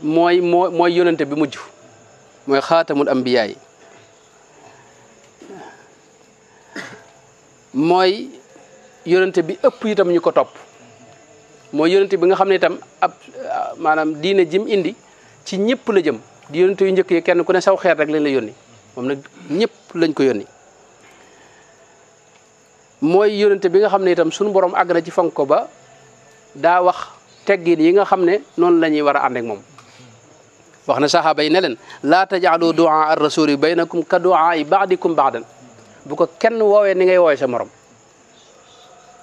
mooy moo mooy yonente bi mujj mooy xaatamul am yi mooy yonente bi ëpp itam ñu ko topp mooy yonente bi nga xam ne itam ab ah, maanaam diine jim indi ci ñëpp la jëm di yonente yu njëkk yi kenn ku ne saw xeet rek lañ la yónni moom nag ñëpp lañ ko yónni mooy yonente bi nga xam ne itam suñu borom àgg ci fonk ko ba daa wax teggiin yi nga xam ne noonu la ñuy war a ànd moom wax na saxaaba yi ne leen laa tajaalu duaa ar na kum ka duaa yi baadikum baadan bu ko kenn woowee ni ngay woowee sa morom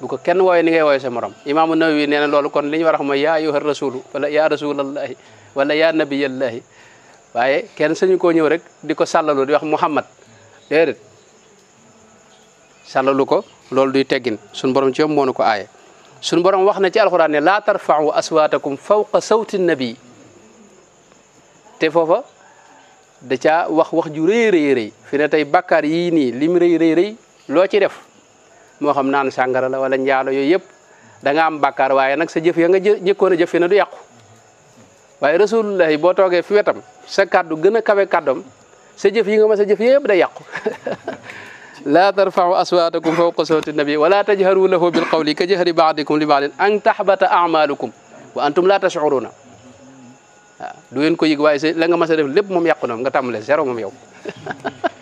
bu ko kenn wooyee ni ngay wooyee sa morom imaamu Nawawi nee na loolu kon li ñu war a wax mooy yaa ayyuha rasulu wala yaa rasulallahi wala yaa nabiyallahi waaye kenn sañu koo ñëw rek di ko sàllalu di wax muhammad déedéet sàllalu ko loolu duy teggin suñu borom ci yom moo ko aaye suñu borom wax na ci alxuraan laatar laa tarfa'u aswaatakum fawqa sawti nabi te foofa da ca wax wax ju rëy rëy fi ne tey bàkkaar yii nii lim rëy rëy rëy loo ci def moo xam naan sàngara la wala njaalo yooyu yëpp da am bàkkaar waaye nag sa jëf ya nga jëkkoon a jëf na du yàqu waaye rasulullahi boo toogee fi wetam sa kàddu gën a kawe kàddam sa jëf yi nga ma sa jëf yëpp day yàqu laa tarfau aswaatakum fawqa sawti nabi wala tajharu lahu bil qawli ka jahri baadikum li baadin an tahbata amalukum wa antum laa tashuruna waaw du ngeen ko yëg waaye sa la nga mas def lépp moom yàqu na nga tàmbale zéro moom yow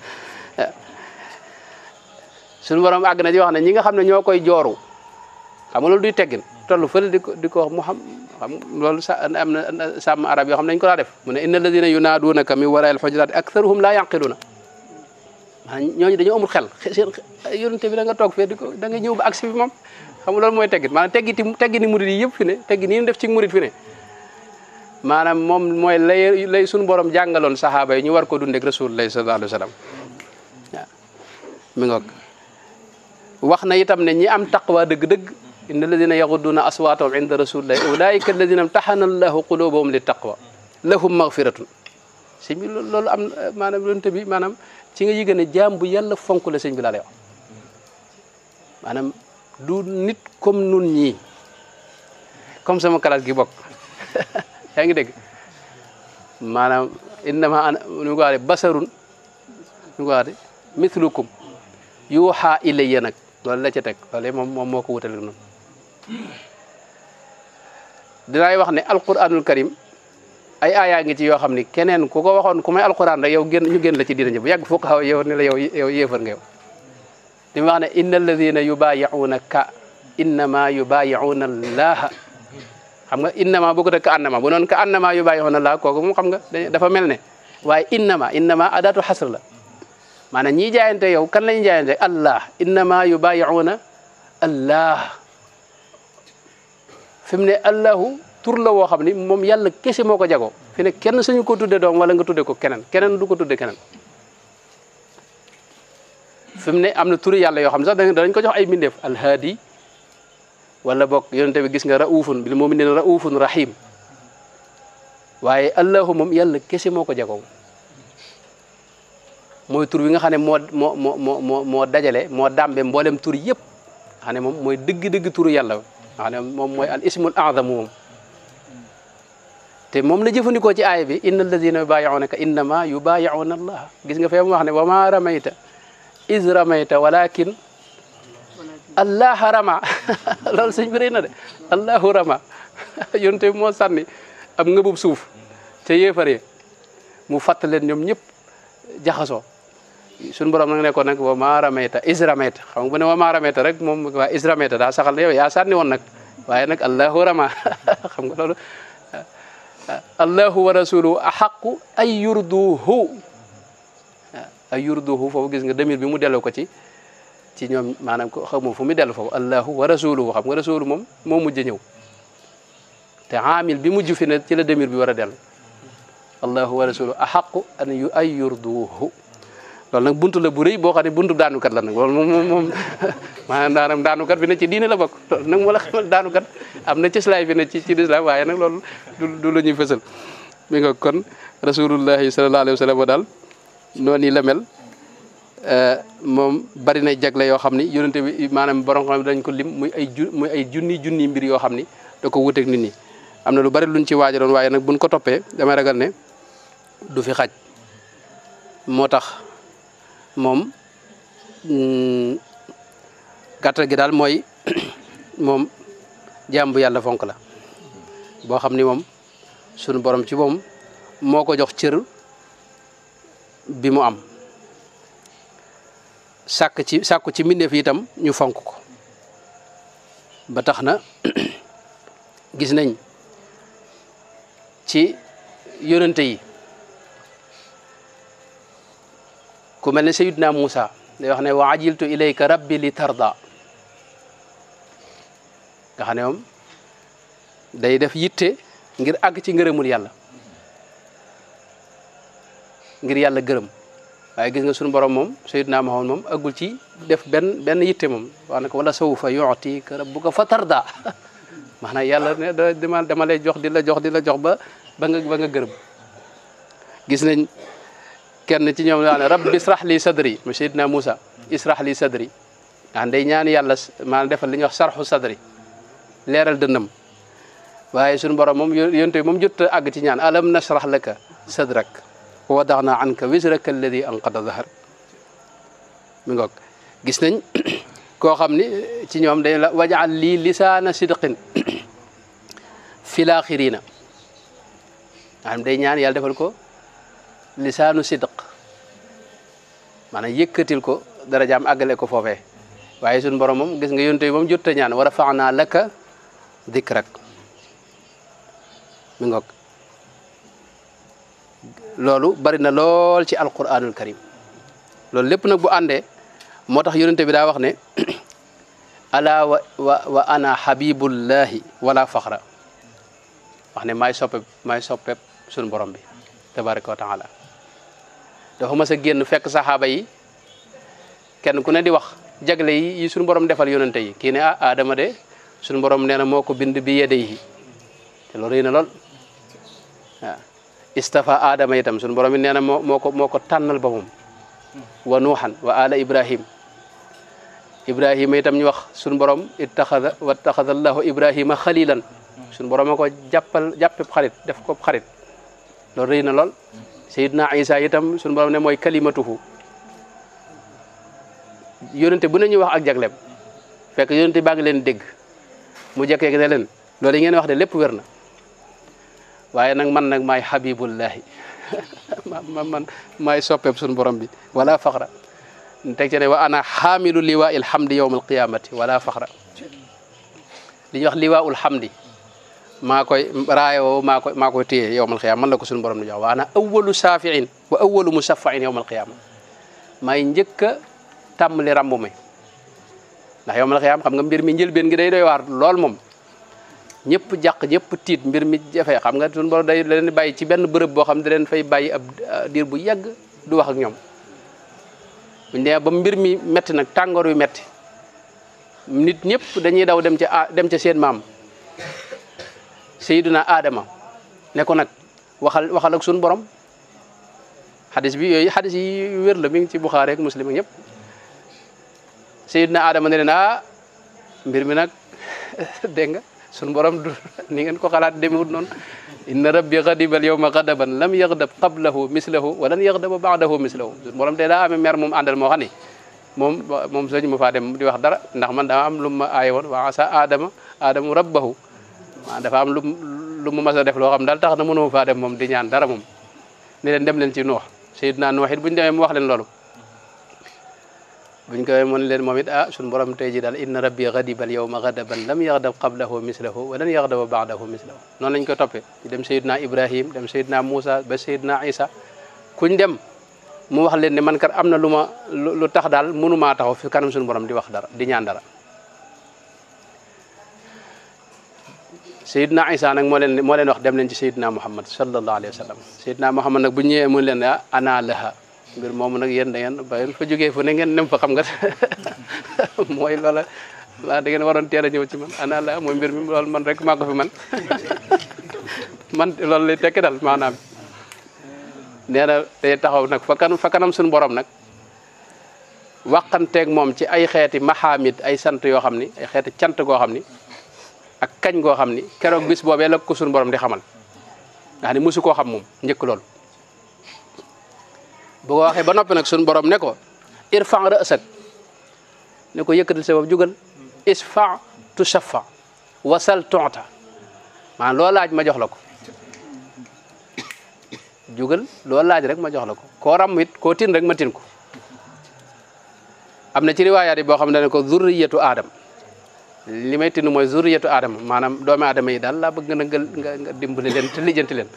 suñu borom àgg na ci wax na ñi nga xam ne ñoo koy jooru xam nga loolu duy teggin tollu fële di ko di ko mu xam xam loolu sa am na sàmm arab yoo xam ne dañu ko daa def mu ne na yu inna alladina yunaaduunaka min waraa'il hujuraati aktharuhum laa yanqiluuna maanaam ñooñu dañoo amul xel seen yonente bi da nga toog fee di ko da nga ñëw ba agsi bi moom xam nga loolu mooy teggin maanaam teggiti teggini murid yi yëpp fi ne teggini yi def ci murid fi ne maanaam moom mooy lay lay suñu borom jàngaloon sahaaba yi ñu war ko dundek rasulullah sallallahu alayhi wa sallam waaw mi wax na itam ne ñi am taqwa dëgg-dëgg inna alladina yaxudduuna aswaatahum inda rasulillahi ulaika alladina imtaxana allahu qulubahum li taqwa lahum magfiratun sëñ bi loolu am maanaam lonte bi maanaam ci nga yëg ne jaam bu yàlla fonk la sëñ bi laa lay wax maanaam du nit comme nun ñii comme sama kalaas gi bokk yaa ngi dégg maanaam innama ana nu basarun nu ko waxee yuuxaa ilayya nag loolu la ca teg loolu moom moom moo ko wutale noonu dinaay wax ne alquranul karim ay aayaa ngi yoo xam ni keneen ku ko waxoon ku may alquran rek yow génn ñu génn ci diina ji bu yàgg foo ko xaw yow ni la yow yow yéefar nga yow li mu wax ne inna alladina yubayi'unaka innama yubayi'una allaha xam nga innama boo ko dëkk annama bu noonu ka annama yubayi'una allaha kooku moom xam nga dafa mel ne waaye innama innama adatu xasr la maanaam ñiy jaayante yow kan lañu jaayante allah innama yubayiuuna allah fi mu ne allahu tur la woo xam ni moom yàlla kese moo ko jagoo fi ne kenn suñu ko tudde doom nga tudde ko keneen keneen du ko tudde keneen ne am na tur yàlla yoo xam ne sax danañ ko jox ay mbindeef alhaadi wala bokk yonente bi gis nga raufun bil muminina raufun rahim waaye allahu moom yàlla kese moo ko jagoo mooy tur bi nga xam ne moo moo moo moo moo dajale moo dàmbe mboolem tur yëpp nga moom mooy dëgg-dëgg turu yàlla nga moom mooy al ismul azam moom te moom la jëfandikoo ci aaya bi inna alladina yubayi'unaka innama yubayi'una allah gis nga fee mu wax ne wa ma ramayta is ramayta walakin allah rama loolu sëñ bi na de allahu rama yonte moo sànni am nga ngëbub suuf te yéefare mu fàttali leen ñoom ñëpp jaxasoo suñu borom nag ne ko nag wa maa ramayta is ramayta xam moom waa is ramayta daa saxal ne yow yaa sànni woon nag waaye nag allahu rama xam nga loolu allahu wa rasuluhu axaqu ay yurduhu ay yurduhu foofu gis nga demir bi mu delloo ko ci ci ñoom maanaam ko xamul fu mu dellu foofu allahu wa rasuluhu xam nga rasulu moom moo mujj ñëw te aamil bi mujj fi ne ci la demir bi war a dellu allahu wa rasuluhu axaqu an yurduhu loolu nag buntu la bu rëy boo xam ne buntu daanukat la nag loolu moom moom moom maanaam daanam daanukat bi ne ci diine la bokk loolu nag moo la xamal daanukat am na cëslaay bi ne ci ci lislaam waaye nag loolu du du la ñuy fësal mi nga kon rasulullahi sallallahu alayhi wa sallam daal noonu la mel euh, moom bari na jagle yoo xam ni yonente bi maanaam borom xam dañ ko lim muy ay ju muy ay junni junni mbir yoo xam ni da ko wuteeg ni ñi am na lu bari luñ ci waajaloon waaye nag buñ ko toppee damay ragal ne du fi xaj moo tax moom mm, gàttal gi daal mooy moom jaam yàlla fonk la boo xam ni moom sunu borom ci moom moo ko jox cër bi mu am sàkk ci sàkku ci mbindeef yi itam ñu fonk ko ba tax na gis nañ ci yonente yi ku mel ne sayidna Muusa day wax ne wa ajiltu ilayka rabbi li tarda nga xam ne day def yitte ngir àgg ci ngërëmul yàlla ngir yàlla gërëm waaye gis nga sunu borom moom sayidna Muhammad moom àggul ci def benn benn yitte moom wax na ko wala sawfa yu'tika rabbuka fa tarda maanaam yàlla ne dama dama lay jox di la jox di la jox ba ba nga gërëm gis nañ kenn ci ñoom daal ne rabbi israh li sadri mu sayyidna Musa israh li sadri ndax day ñaan yàlla maa defal li ñuy wax sarxu sadri leeral dënnam waaye suñu borom moom yonent moom jot àgg ci ñaan alam nashrah laka sadrak wa wadaxna anka wisraka alladi gis nañ xam ni ci ñoom dañ la wajaal lii lisaana sidqin fi laaxirina am day ñaan yàlla defal ko Lisanu sidq Mana yëkkatil ko jam jam ko fofé waye sun borom mom gis nga yonte mom jotta ñaan wa rafa'na laka dhikrak mi ngok lolu bari na lol ci alquranul karim loolu lepp nak bu andé motax tax bi da wax ne ala wa wa ana habibullahi wala fakhra wax né may soppé may soppé sun borom bi tabaraka taala dafa mas a génn fekk saxaaba yi kenn ku ne di wax jagle yi yi suñu borom defal yonente yi kii ne ah de suñu borom nee na moo ko bind bi yedde yi te loolu rëy na lool waaw istafa Adama itam suñu borom it nee na moo moo ko moo ko tànnal boppam wa nuuxan wa ala ibrahim ibrahima itam ñu wax suñu borom ittaxada wa taxada allahu ibrahima xalilan suñu borom a ko jàppal jàppeb xarit def ko xarit na lool sayyidna isa itam sun borom ne moy kalimatuhu yonente bu neñu wax ak jaglem fek yonente baa ngi leen dégg mu jekke ne leen loolu ngeen wax de lepp werna waye nak man nak may habibullahi man man may soppeeb sun borom bi wala fakhra tek ca ne wa ana xaamilu liwa ilhamdi yowma qiyamati wala fakhra li wax liwa ulhamdi maa koy raayoo maa koy maa koy téye yowmal xiyaama man la ko suñu borom di jox wa ana awwalu saafiin wa awwalu musaffain yowmal xiyaama may njëkk a tàmmali rambu mi ndax yowmal xiyaama xam nga mbir mi njëlbeen ngi day doy waar lool moom ñëpp jàq ñëpp tiit mbir mi jafe xam nga suñu borom day leen bàyyi ci benn bërëb boo xam ne da leen fay bàyyi ab diir bu yàgg du wax ak ñoom buñ demee ba mbir mi metti nag tàngoor wi metti nit ñëpp dañuy daw dem ca ah, dem ca seen maam sayyiduna adama ne ko nak waxal waxal ak sun borom hadis bi yoy hadis yi wer la mi ngi ci bukhari ak muslim ñep sayyiduna adama neena ah, mbir mi nak sun borom du ni ngeen ko xalaat demewut non inna rabbi ghadiba al yawma ghadaban lam yaghdab qablahu mislahu wa lan yaghdaba ba'dahu mislahu sun borom de daa am mer mum andal mo xani mom mom seigne mu fa dem di wax dara ndax man da am lu ma aaye wa asa adama adamu rabbahu maanaam ah, dafa am lu lu mu mas a def loo xam daal tax na mënoo faa dem moom di ñaan dara moom ni leen dem leen ci nuux Seydina Nuux it bu ñu demee mu wax leen loolu buñ ko moon leen moom it a ah, suñu borom tey ji daal na rabbi ghadiban yawma ghadaban lam yaghdab qablahu mislahu wa lan yaghdaba ba'dahu mislahu noonu lañ ko toppee dem Seydina Ibrahim dem Seydina Moussa ba Seydina Isa kuñ dem mu wax leen ne man kat am na lu ma lu tax daal mënumaa taxaw fi kanam suñu borom di wax dara di ñaan dara sayidna isa nag moo leen moo leen wax dem leen ci sayidna muhammad sallallahu alayhi wa sallam sayidna muhammad nag bu ñëwee mu leen ah ana laha mbir moomu nag yéen da ngeen ba fa jógee fu ne ngeen nem xam nga mooy loola waroon teel a ñëw ci man mooy mbir mi lool man rek maa ko fi man man loolu lay tekki dal maanaam nee na day taxaw nag fa kan fa kanam suñu borom nag waqanteeg moom ci ay xeeti mahamid ay sant yoo xam ni ay xeeti cant goo xam ni ak kañ goo xam ni keroog bis boobee la ko suñu borom di xamal nga xam ne mosu koo xam moom njëkk loolu bu ko waxee ba noppi nag suñu borom ne ko irfan ra'sak ne ko yëkkatil sa bopp jugal isfa tu shafa wasal tonta maanaam loo laaj ma jox la ko jugal loo laaj rek ma jox la ko koo ràmm it koo rek ma tin ko am na ci riwaayaat yi boo xam ne ne ko yetu aadam li may tinu mooy zuriyatu aadama maanaam doomi aadama yi daal laa bëgg na nga nga dimbali leen te lijjanti leen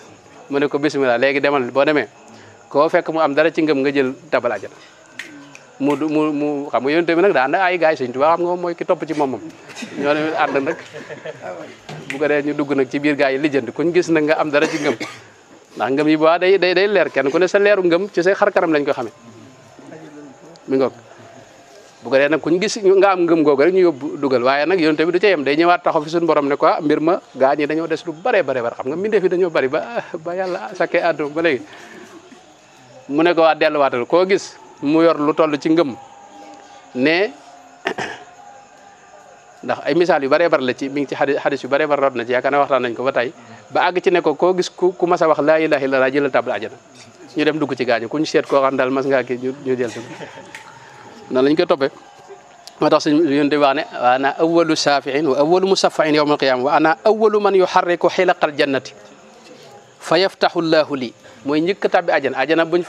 mu ne ko bisimilah léegi demal boo demee koo fekk mu am dara ci ngëm nga jël tabal ajana mu mu mu xam nga yonent bi nag daal na ay gaay Sëñ Tuubaa xam nga mooy ki topp ci moom moom ñoo ne ànd nag bu ko dee ñu dugg nag ci biir gaay yi lijjanti kuñ gis nag am dara ci ngëm ndax ngëm yi ba day day day leer kenn ku ne sa leeru ngëm ci say xar kanam lañ ko xamee bu ko dee nag kuñ gis nga am ngëm googu rek ñu yóbbu dugal waaye nag yonent bi du ca yem day ñëwaat taxaw fi suñu borom ne ko ah mbir ma gaa ñi dañoo des lu bare bare bare xam nga mbindeef yi dañoo bari ba ba yàlla sakkee àdduna ba mu ne ko waa delluwaatal koo gis mu yor lu toll ci ngëm ne ndax ay misaal yu bare bare la ci mi ngi ci xadis yu bare bar rot na ci yaakaar naa waxtaan nañ ko ba tey ba àgg ci ne ko koo gis ku ku mas a wax laa ilaaha illallaah jëlal tabal ajana ñu dem dugg ci gaañu ku ñu seet koo xam daal mas ngaa kii ñu jël noonu lañ koy toppee moo tax suñ yonte wax wa ana awwalu safi'in wa musaffa'in yawm al-qiyam wa ana awwalu man yuharriku al-jannati fa yaftahu Allahu li moy njëkk tabbi aljana aljana buñ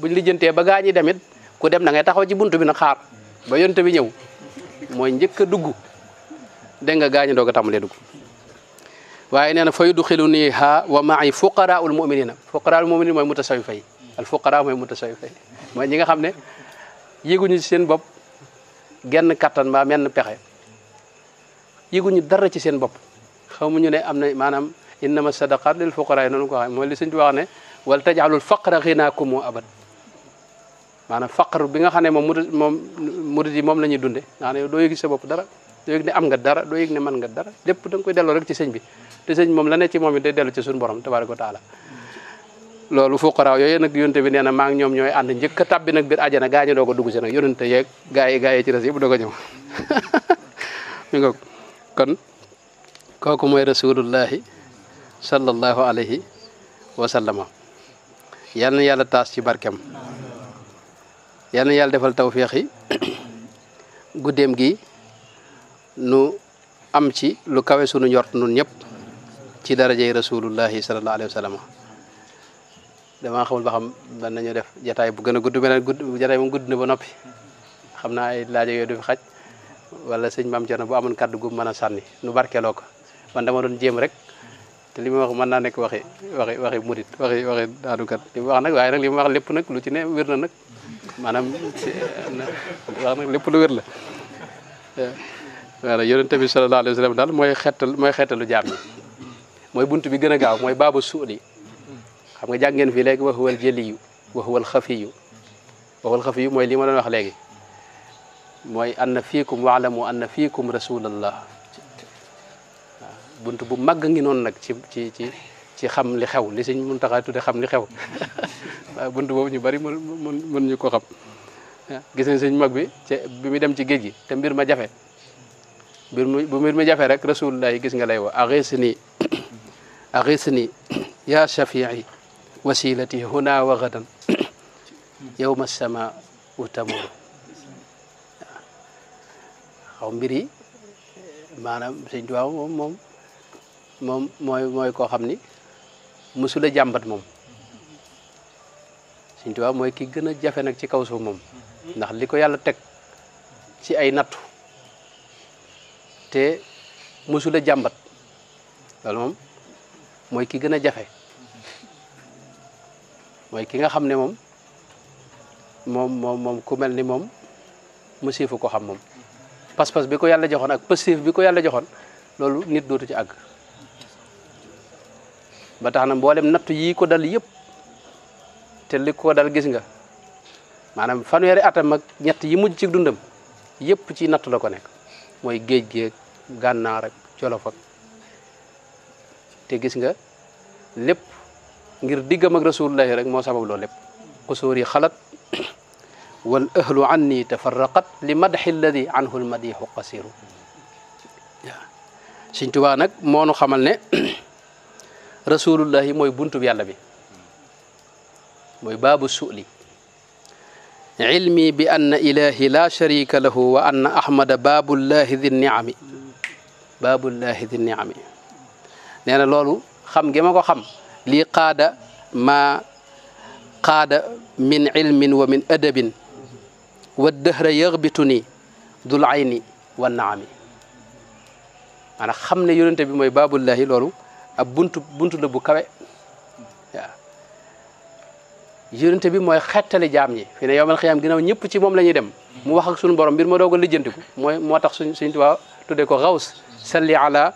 buñ lijeenté ba gañi demit ku dem na ngay taxaw ci buntu bi na xaar ba yonte bi ñew moy njëkk duggu de nga gañi duggu waye neena fa yudkhiluni ha wa fuqaraul muminina fuqaraul muminina moy mutasawifay al fuqara moy mutasawifay moy ñi nga yéguñu ci seen bopp genn kattan mbaa menn pexe yéguñu dara ci seen bopp xamuñu ne am na maanaam innama sadaqat lil fuqara yi noonu ko wax mooy li suñ ci wax ne wala tajaalul faqra xinaakumu abad maanaam faqar bi nga xam ne moom mu moom murid moom la ñuy dunde nga xam doo yëg sa bopp dara doo yëg ne am nga dara doo yëg ne mën nga dara lépp da nga koy delloo rek ci sëñ bi te sëñ moom la ne ci moom it day dellu ci suñu borom tabaaraka wa taala loolu fuqaraaw yooyu nag yonte bi nee na maa ngi ñoom ñooy ànd njëkk a tabbi nag biir àjjana gaa ñu doo ko dugg si nag yonente yeeg gaa yi gaa yi ci des yëpp doo ñëw kon kooku mooy rasulullahi sallallahu alayhi wa sallama yal na yàlla taas ci barkeem yal na yàlla defal tawféex yi guddeem gi nu am ci lu kawe sunu njort nun ñëpp ci darajey rasulullahi sallallahu alayhi wa sallama dama xamul ba xam dan nañu def jotaay bu gëna gudd benen gudd jotaay moom gudd na ba nopi xamna ay laaje yo du fi xaj wala señ mam Cerno bu amon kaddu gu mën sanni nu barké ko man dama doon jëm rek te limi wax man na nek waxe waxe waxe murid waxe waxe daadu kat limi wax nak waaye rek limi wax lepp nak lu ci ne wér na nag wax nak lepp lu wër la wala yonente bi sallallahu alaihi wasallam dal moy xettal moy xettalu jamm moy buntu bi gëna gaaw moy babu suudi xam nga jàng ngeen fii léegi wa huwal jëliyu wa huwal xafiyu wa huwal xafiyu mooy li ma doon wax léegi mooy anna fiikum waalamu anna fiikum rasulallah waaw bunt bu mag màgg ngi noonu nag ci ci ci ci xam li xew li sëñ Muntaxa tudde xam li xew bunt boobu ñu bari mën ñu ko xam gis nañ sëñ mag bi ci bi mu dem ci géej gi te mbir ma jafe mbir mu bu mi jafe rek rasulullah gis nga lay woo axis nii axis nii yaa shafii wasilati huna wa gadan yowma sama u tamuru waaw xaw mbir yi maanaam sëñ Tuubaa moom moom moom mooy mooy koo xam ni mësula jàmbat moom sëñ Tuubaa mooy ki gën a jafe nag ci kaw suuf moom ndax li ko yàlla teg ci ay nattu te mësula jàmbat loolu moom mooy ki gën a jafe mooy ki nga xam ne moom moom moom moom ku mel ni moom musiifu ko xam moom pas-pas bi ko yàlla joxoon bi ko yàlla joxoon loolu nit dootu ci àgg ba tax na mboolem nattu yii ko dal yëpp te li ko dal gis nga maanaam fanweeri atam ak ñett yi mujj ci dundam yëpp ci nattu la ko nekk mooy géej géej gànnaar ak te gis nga lépp ngir diggam ak rasulullahi rek moo sabab loo lépp xusuur yi xalat wal ahlu anni tafarraqat li madxi alladi anhu qasiru waaw moo nu xamal ne rasulullahi mooy buntub yàlla bi mooy baabu suuli ilmi bi anna ilahi la sharika lahu wa anna ahmada baabullahi di di niami nee na loolu xam gi ko xam لي قاد ما قاد من علم ومن أدب والدهر يغبطني ذو العين والنعم أنا خمنا يونت بما باب الله لولو أبنت بنت لبكوي yonente bi mooy xettali jaam ñi fi ne yowmal xiyaam ginnaaw ñëpp ci moom la ñuy dem mu wax ak suñu borom mbir ma doog a lijjantiku mooy moo tax suñ suñ tubaab tuddee ko xaws salli ala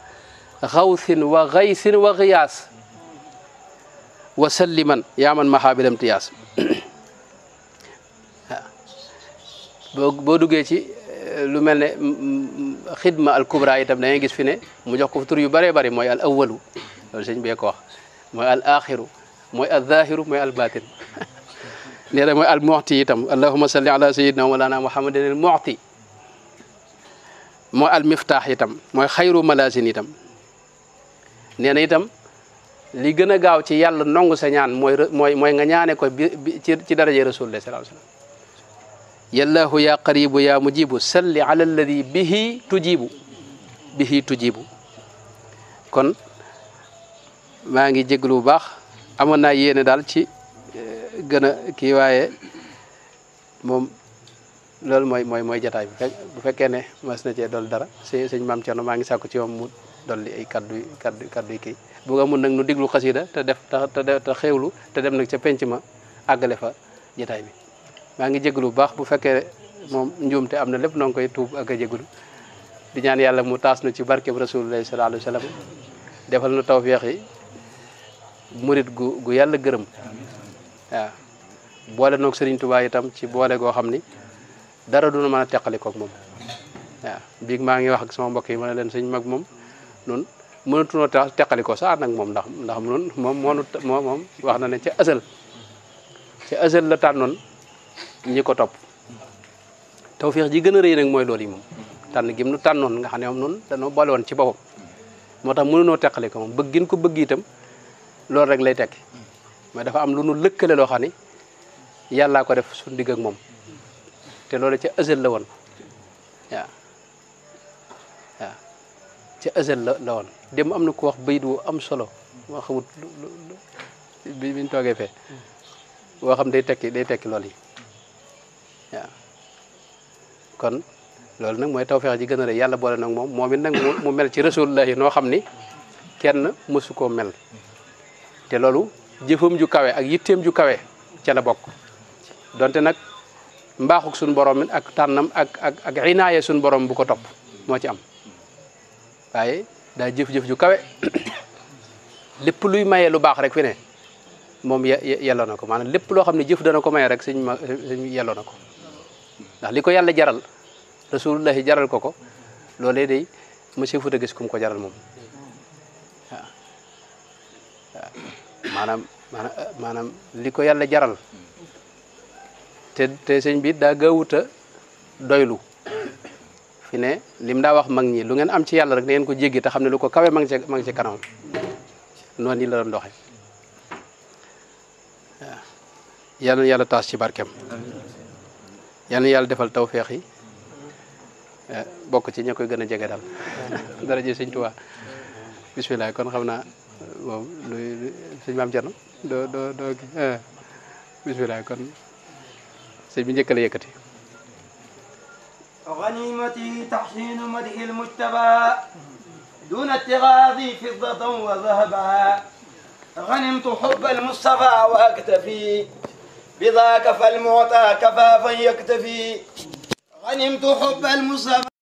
xawsin wa xaysin wa xiyaas وسلما يا من محابل امتياز بو دوغي لو ملني خدمه الكبرى ايتام داي غيس فيني مو جوك فتور يو باري باري موي الاول سيغ بيكو واخ موي الاخر موي الظاهر موي الباطن نيرا موي المعطي ايتام اللهم صل على سيدنا مولانا محمد المعطي موي المفتاح ايتام موي خير ملازن ايتام نينا ايتام li gën a gaaw ci yàlla nangu sa ñaan mooy mooy mooy nga ñaane koy ci dara daraje rasulullah sallallahu alayhi wasallam yallaahu yaa qaribu yaa mujibu salli ala alladi bihi tujibu bihi tujibu kon maa ngi jéglu bu baax amoon naa yéene daal ci eh, gën a kii waaye moom loolu mooy mooy mooy jataay bu fekk bu fekkee ne mas na cee dool dara sëñ maam Thierno maa ngi sàkku ci moom dool dolli ay kaddu kaddu bu nga nag nu diglu xasida te def te te xewlu te dem nag ca penc ma àggale fa jotaay bi maa ngi jégalu bu baax bu fekkee moom njuum te am na lépp noo ngi koy tuub ak a jégalu di ñaan yàlla mu taas na ci barkeb rasulullahi sallallahu alayhi wa sallam defal nu tawfeex yi murit gu gu yàlla gërëm waaw boole noog sëriñ itam ci boole goo xam ni dara duna mën a teqalikoog moom waaw biig maa ngi wax ak sama mbokk yi ma ne leen sëñ mag moom nun mënatunoo teqali ko sax nag moom ndax ndax noonu moom moonu moom moom wax na ne ca asal ca asal la tànnoon ñi ko topp tawféex ji gën a rëy nag mooy loolu yi moom tànn gim nu tànnoon nga xam ne moom noonu danoo boole woon ci boppam moo tax mënunoo teqali ko moom bëgg ko bëgg itam loolu rek lay tekki mais dafa am lu nu lëkkale loo xam ne yàllaa ko def suñu digg ak moom te loolu ca asal la woon ci Ezel la la woon dem am na ku wax bayit wu am solo ma xamut bi biñ toogee fee boo xam day tekki day tekki lool yi kon loolu nag mooy tawfeex ji gën a rëy yàlla boole nag moom moom it nag mu mel ci rasulullahi noo xam ni kenn mësu koo mel te loolu jëfam ju kawe ak yitteem ju kawe ca la bokk donte nag mbaaxuk suñu borom it ak tànnam ak ak ak inaaye suñu borom bu ko topp moo ci am waaye daa jëf-jëf ju kawe lépp luy maye lu baax rek fi ne moom yelloo na ko maanaam lépp loo xam ne jëf dana ko maye rek sëñ ma sëñ yelloo na ko ndax li ko yàlla jaral rasulullahi jaral ko ko loolee day monsieur Fouta gis kum ko jaral moom waaw maanaam li ko yàlla jaral te te sëñ bi daa gaawut a doylu fi ne lim daa wax mag ñi lu ngeen am ci yàlla rek na ngeen ko jéggi te xam ne lu ko kawe ma ngi ci ma ngi ci kanam noonu yi la doon doxe yal na yàlla taas ci barkeem yal na yàlla defal tawféex yi eh, bokk ci ña koy gën a jege daal dara ji sëñ Tuubaa bisimilah kon xam naa moom luy sëñ maam Cerno doo doo eh, kon sëñ bi njëkk yëkkati غنيمته تحسين مدح المجتبى دون اتغاذي فضة وذهبا غنمت حب المصطفى وأكتفي بذاك فالمعطى كفافا يكتفي غنمت حب المصطفى